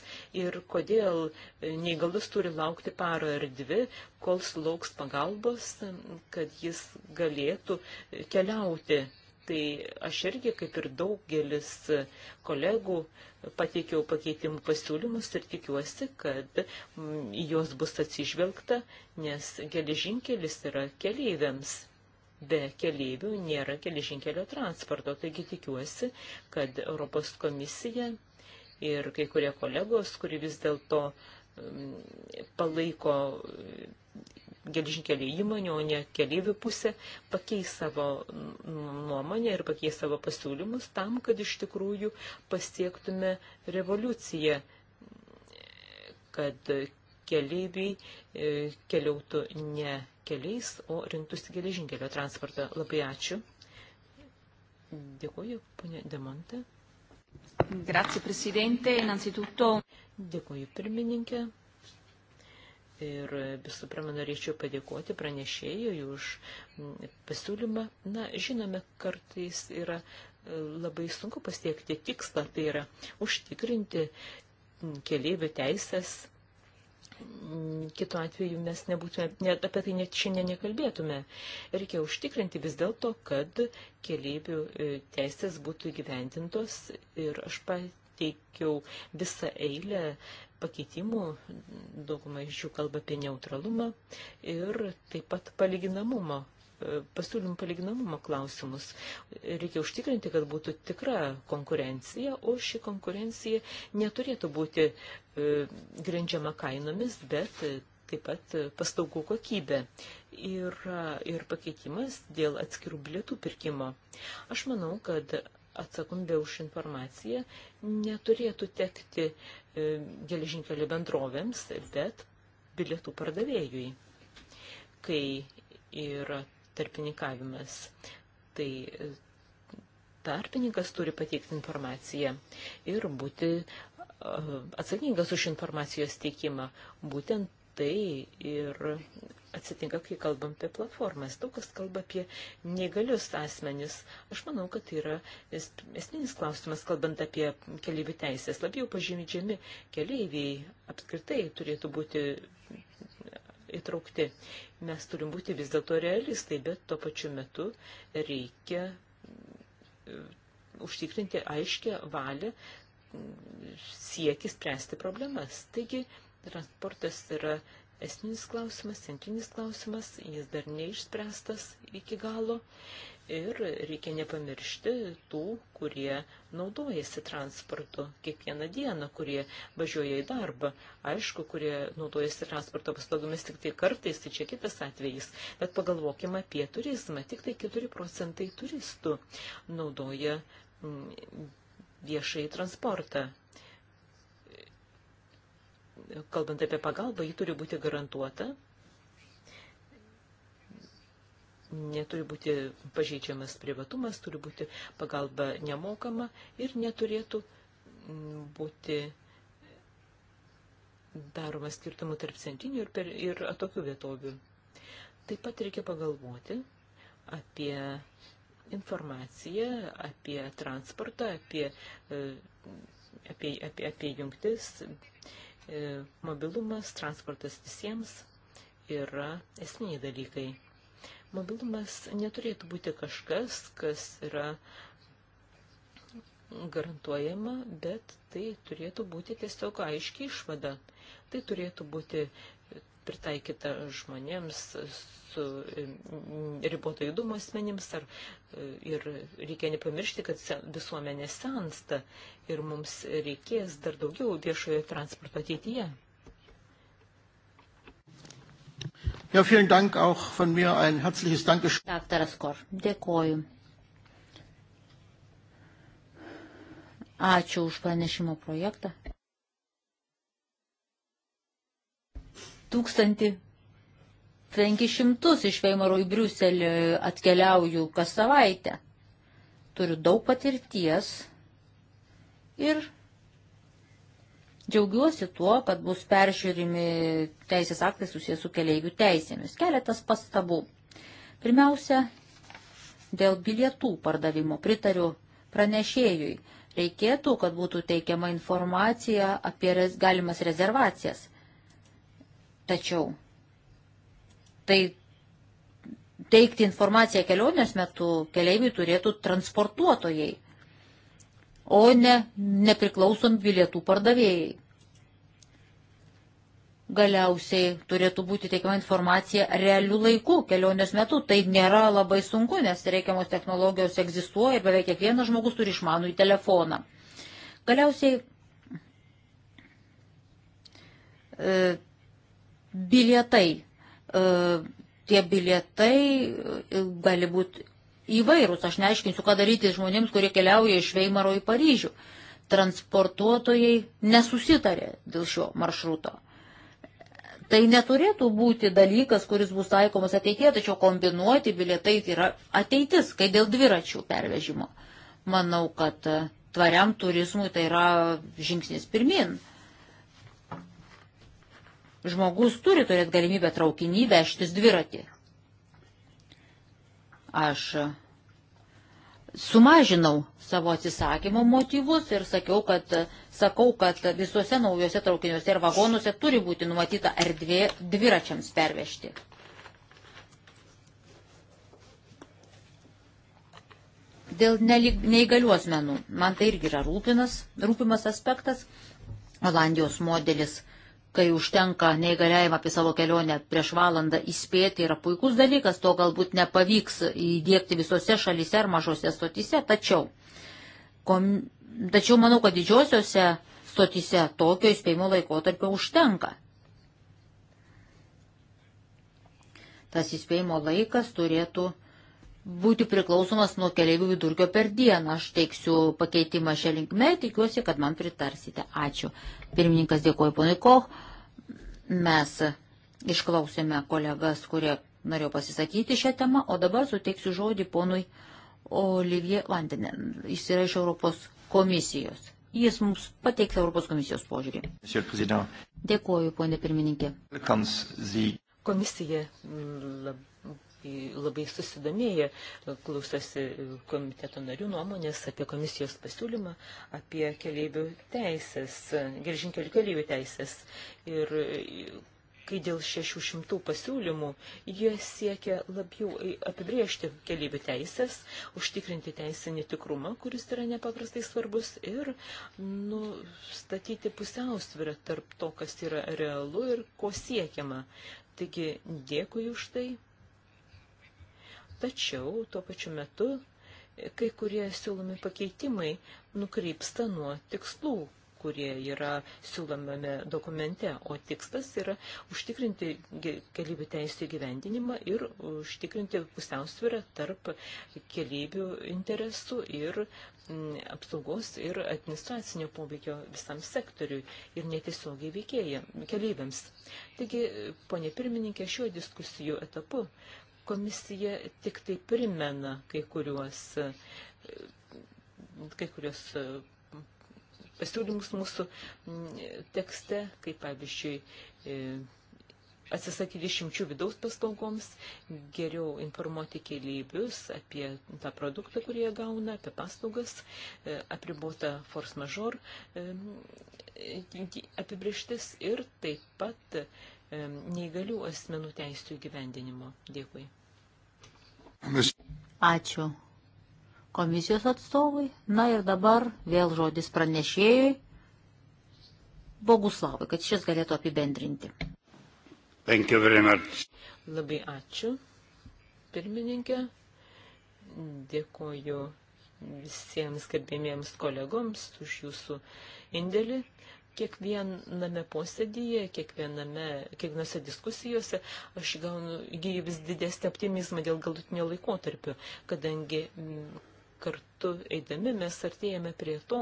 S4: Ir kodėl neįgalus turi laukti parą ar dvi, kol sulauks pagalbos, kad jis galėtų keliauti Tai aš irgi, kaip ir daugelis kolegų, pateikiau pakeitimų pasiūlymus ir tikiuosi, kad mm, jos bus atsižvelgta, nes geležinkelis yra keleiviams. Be keleivių nėra geležinkelio transporto, taigi tikiuosi, kad Europos komisija ir kai kurie kolegos, kurie vis dėlto mm, palaiko geležinkelio įmonė, o ne keliaivių pusė, pakeis savo nuomonę ir pakeis savo pasiūlymus tam, kad iš tikrųjų pasiektume revoliuciją, kad keliaiviai e, keliautų ne keliais, o rinktųsi geležinkelio transportą. Labai ačiū. Dėkuoju, ponė Demonte. Grazie, Presidente. Innanzitutto. Dėkuoju, pirmininkė. Ir visų pirma, norėčiau padėkoti pranešėjui už pasiūlymą. Na, žinome, kartais yra e, labai sunku pasiekti tikslą, tai yra užtikrinti keliaivių teisės. Kitu atveju mes nebūtume, net apie tai net šiandien nekalbėtume. Reikia užtikrinti vis dėlto, kad keliaivių e, teisės būtų įgyventintos ir aš pateikiau visą eilę e, pakeitimų, dauguma iš jų kalba apie neutralumą ir taip pat palyginamumą e, pasiūlymų palyginamumo klausimus. Reikia užtikrinti, kad būtų tikra konkurencija, o ši konkurencija neturėtų būti e, grindžiama kainomis, bet taip pat paslaugų kokybė ir, ir pakeitimas dėl atskirų bilietų pirkimo. Aš manau, kad atsakomybė už informaciją neturėtų tekti e, geležinkelio bendrovėms, bet bilietų pardavėjui. Kai yra tarpininkavimas, tai e, tarpininkas turi pateikti informaciją ir būti e, atsakingas už informacijos teikimą. Būtent tai ir atsitinka, kai kalbam apie platformas. Daug kas kalba apie negalius asmenis. Aš manau, kad tai yra esminis klausimas, kalbant apie keliaivių teisės. Labiau pažymidžiami keliaiviai apskritai turėtų būti įtraukti. Mes turim būti vis dėlto realistai, bet tuo pačiu metu reikia e, užtikrinti aiškę valią siekis spręsti problemas. Taigi, transportas yra esminis klausimas, centrinis klausimas, jis dar neišspręstas iki galo ir reikia nepamiršti tų, kurie naudojasi transportu kiekvieną dieną, kurie važiuoja į darbą. Aišku, kurie naudojasi transporto paslaugomis tik tai kartais, tai čia kitas atvejis. Bet pagalvokime apie turizmą. Tik tai 4 procentai turistų naudoja mm, viešai transportą kalbant apie pagalbą, ji turi būti garantuota, neturi būti pažeidžiamas privatumas, turi būti pagalba nemokama ir neturėtų mm, būti daromas skirtumų tarp centrinių ir, per, ir atokių vietovių. Taip pat reikia pagalvoti apie informaciją, apie transportą, apie, e, apie, apie, apie jungtis E, mobilumas, transportas visiems yra esminiai dalykai. Mobilumas neturėtų būti kažkas, kas yra garantuojama, bet tai turėtų būti tiesiog aiški išvada. Tai turėtų būti pritaikyta žmonėms su mm, riboto judumo asmenims. Ar, e, ir reikia nepamiršti, kad visuomenė sensta ir mums reikės dar daugiau viešojo transporto
S2: ateityje.
S1: Ja, vielen Dank auch
S2: von mir ein herzliches Dankeschön. Daktaras Kor, dėkoju. Ačiū už pranešimo projektą. 1500 iš Veimaro į Briuselį atkeliauju kas savaitę. Turiu daug patirties ir džiaugiuosi tuo, kad bus peržiūrimi teisės aktai susijęs su keleivių teisėmis. Keletas pastabų. Pirmiausia, dėl bilietų pardavimo pritariu pranešėjui. Reikėtų, kad būtų teikiama informacija apie rez, galimas rezervacijas. Tačiau tai teikti informaciją kelionės metu keleiviai turėtų transportuotojai, o ne nepriklausom bilietų pardavėjai. Galiausiai turėtų būti teikiama informacija realių laikų kelionės metu. Tai nėra labai sunku, nes reikiamos technologijos egzistuoja ir beveik kiekvienas žmogus turi išmanų į telefoną. Galiausiai e, Bilietai. E, tie bilietai e, gali būti įvairūs. Aš neaiškinsiu, ką daryti žmonėms, kurie keliauja iš Veimaro į Paryžių. Transportuotojai nesusitarė dėl šio maršruto. Tai neturėtų būti dalykas, kuris bus taikomas ateitie, tačiau kombinuoti bilietai tai yra ateitis, kai dėl dviračių pervežimo. Manau, kad tvariam turizmui tai yra žingsnis pirmin. Uh, žmogus turi turėti galimybę traukinį vežtis dviratį. Aš sumažinau savo atsisakymo motyvus ir sakiau, kad, sakau, kad visuose naujuose traukiniuose ir vagonuose turi būti numatyta erdvė dviračiams pervežti. Dėl neįgalių asmenų, man tai irgi yra rūpinas, rūpimas aspektas, Olandijos modelis kai užtenka neįgaliajam apie savo kelionę prieš valandą įspėti, yra puikus dalykas, to galbūt nepavyks įdėkti visose šalyse ar mažose stotise, tačiau, kom, tačiau manau, kad didžiosiose stotise tokio įspėjimo laikotarpio užtenka. Tas įspėjimo laikas turėtų būti priklausomas nuo keliaivių vidurkio per dieną. Aš teiksiu pakeitimą šią linkmę, tikiuosi, kad man pritarsite. Ačiū. Pirmininkas dėkoju ponui Koch. Mes išklausėme kolegas, kurie norėjo pasisakyti šią temą, o dabar suteiksiu žodį ponui Olivier Vandenen. Jis yra iš Europos komisijos. Jis mums pateiks Europos komisijos požiūrį. Dėkuoju, ponė pirmininkė. Komisija
S4: labai susidomėję klausosi komiteto narių nuomonės apie komisijos pasiūlymą, apie keliaivių teisės, geržinkelių keliaivių teisės. Ir kai dėl 600 pasiūlymų jie siekia labiau apibriežti keliaivių teisės, užtikrinti teisinį tikrumą, kuris yra nepaprastai svarbus, ir nustatyti pusiausvyrą tarp to, kas yra realu ir ko siekiama. Taigi dėkui už tai Tačiau tuo pačiu metu kai kurie siūlomi pakeitimai nukreipsta nuo tikslų, kurie yra siūlomame dokumente, o tikslas yra užtikrinti keliaivių teisų įgyvendinimą ir užtikrinti pusiausvyrą tarp keliaivių interesų ir m, mm, apsaugos ir administracinio poveikio visam sektoriui ir netiesiogiai veikėjai, keliaiviams. Taigi, ponė pirmininkė, šiuo diskusijų etapu Komisija tik tai primena kai kuriuos, kai kuriuos pasiūlymus mūsų tekste, kaip pavyzdžiui, atsisakyti šimčių vidaus paslaugoms, geriau informuoti keleivius apie tą produktą, kurį jie gauna, apie paslaugas, apribota force major apibrieštis ir taip pat neįgalių asmenų teisų įgyvendinimo. Dėkui.
S2: Ačiū komisijos atstovui. Na ir dabar vėl žodis pranešėjui Boguslavui, kad šis galėtų apibendrinti.
S1: Labai
S4: ačiū, pirmininkė. Dėkoju visiems gerbėmiems kolegoms už jūsų indėlį kiekviename posėdyje, kiekviename, kiekvienose diskusijose aš gaunu, įgyju vis didesnį optimizmą dėl galutinio laikotarpio, kadangi mm, kartu eidami mes artėjame prie to,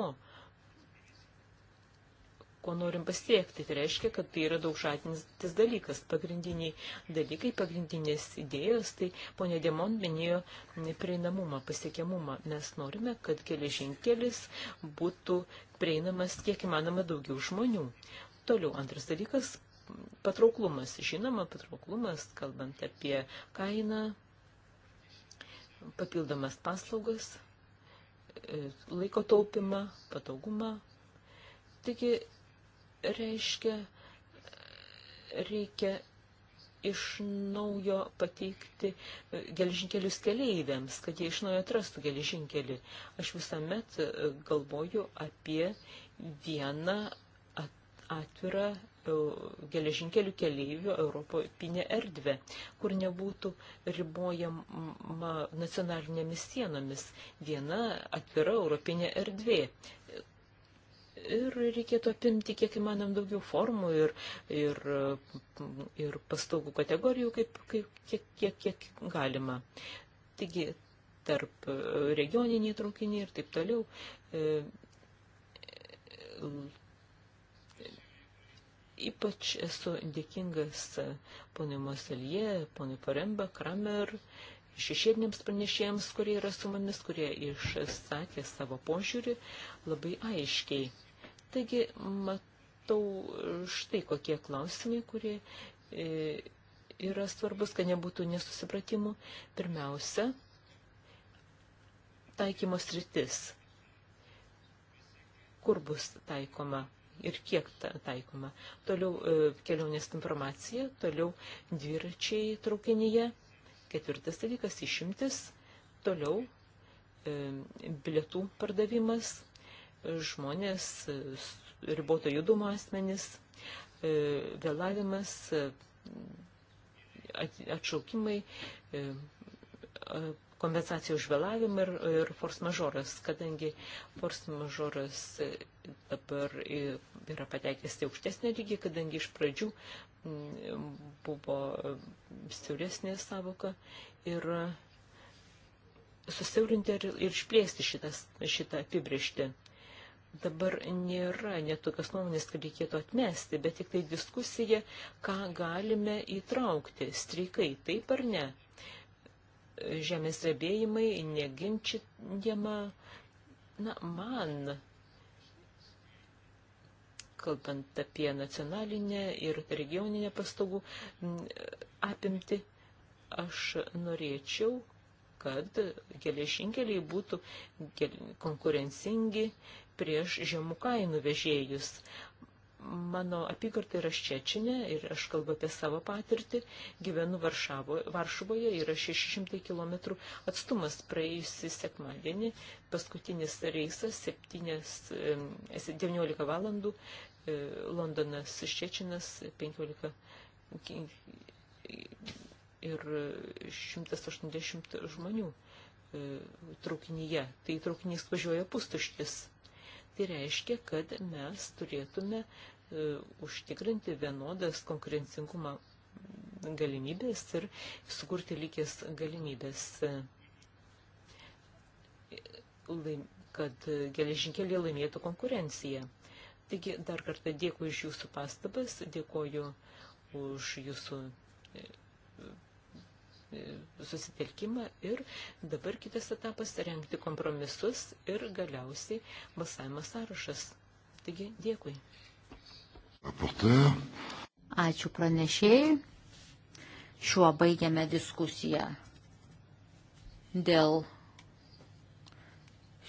S4: ko norim pasiekti. Tai reiškia, kad tai yra daug žadintis dalykas. Pagrindiniai dalykai, pagrindinės idėjos, tai ponė Demon minėjo prieinamumą, pasiekiamumą. Mes norime, kad geležinkelis būtų prieinamas kiek įmanoma daugiau žmonių. Toliau antras dalykas – patrauklumas. Žinoma, patrauklumas, kalbant apie kainą, papildomas paslaugas, e, laiko taupimą, patogumą. Taigi, reiškia, reikia iš naujo pateikti e, geležinkelius keleiviams, kad jie iš naujo atrastų geležinkelį. Aš visuomet e, galvoju apie vieną atvirą e, geležinkelių keleivių Europinė erdvė, kur nebūtų ribojama nacionalinėmis sienomis viena atvira Europinė erdvė ir reikėtų apimti kiek įmanom daugiau formų ir, ir, ir paslaugų kategorijų, kaip, kaip, kiek, kiek, kiek galima. Taigi, tarp e, regioniniai traukiniai ir taip toliau. E, e, ypač esu dėkingas ponui Moselie, ponui Paremba, Kramer šešėdiniams pranešėjams, kurie yra su mumis, kurie išsakė savo požiūrį labai aiškiai. Taigi, matau štai kokie klausimai, kurie e, yra svarbus, kad nebūtų nesusipratimų. Pirmiausia, taikymo sritis. Kur bus taikoma ir kiek ta taikoma. Toliau e, kelionės informacija, toliau dviračiai traukinyje. Ketvirtas dalykas išimtis, toliau e, bilietų pardavimas, žmonės, riboto judumo asmenys, e, vėlavimas, e, atšaukimai, e, kompensacija už vėlavimą ir, ir force majoras, kadangi force majoras dabar yra patekęs į aukštesnį lygį, kadangi iš pradžių buvo siauresnė savoka ir susiaurinti ir, ir išplėsti šitas, šitą apibrėžtį dabar nėra netokios nuomonės, kad reikėtų atmesti, bet tik tai diskusija, ką galime įtraukti, streikai, taip ar ne. Žemės drebėjimai neginčiama, na, man, kalbant apie nacionalinę ir regioninę pastogų apimti, aš norėčiau, kad geležinkeliai būtų konkurencingi, prieš žemų kainų vežėjus. Mano apygarda yra Ščečinė ir aš kalbu apie savo patirtį. Gyvenu Varšavo, Varšuvoje, yra 600 km atstumas praėjusį sekmadienį. Paskutinis reisas 7, 19 valandų, e, Londonas Ščečinas 15 ir 180 žmonių e, traukinyje. Tai traukinys važiuoja pustuštis. Tai reiškia, kad mes turėtume e, užtikrinti vienodas konkurencingumą galimybės ir sukurti lygės galimybės, e, kad geležinkeliai laimėtų konkurenciją. Taigi dar kartą dėkui iš jūsų pastabas, dėkoju už jūsų e, E, susitelkimą ir dabar kitas etapas – rengti kompromisus ir galiausiai balsavimo sąrašas. Taigi, dėkui.
S2: Ačiū pranešėjai. Šiuo baigiame diskusiją dėl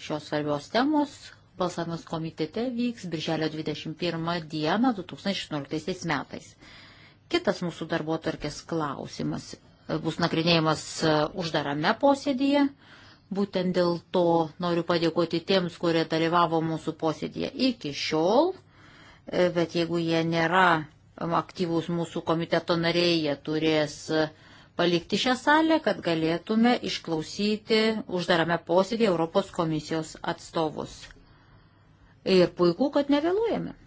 S2: šios svarbios temos. Balsavimas komitete vyks birželio 21 dieną 2016 metais. Kitas mūsų darbo tarkės klausimas bus nagrinėjimas e, uždarame posėdėje. Būtent dėl to noriu padėkoti tiems, kurie dalyvavo mūsų posėdėje iki šiol, e, bet jeigu jie nėra aktyvūs mūsų komiteto nariai, jie turės e, palikti šią salę, kad galėtume išklausyti uždarame posėdėje Europos komisijos atstovus. Ir puiku, kad nevėluojame.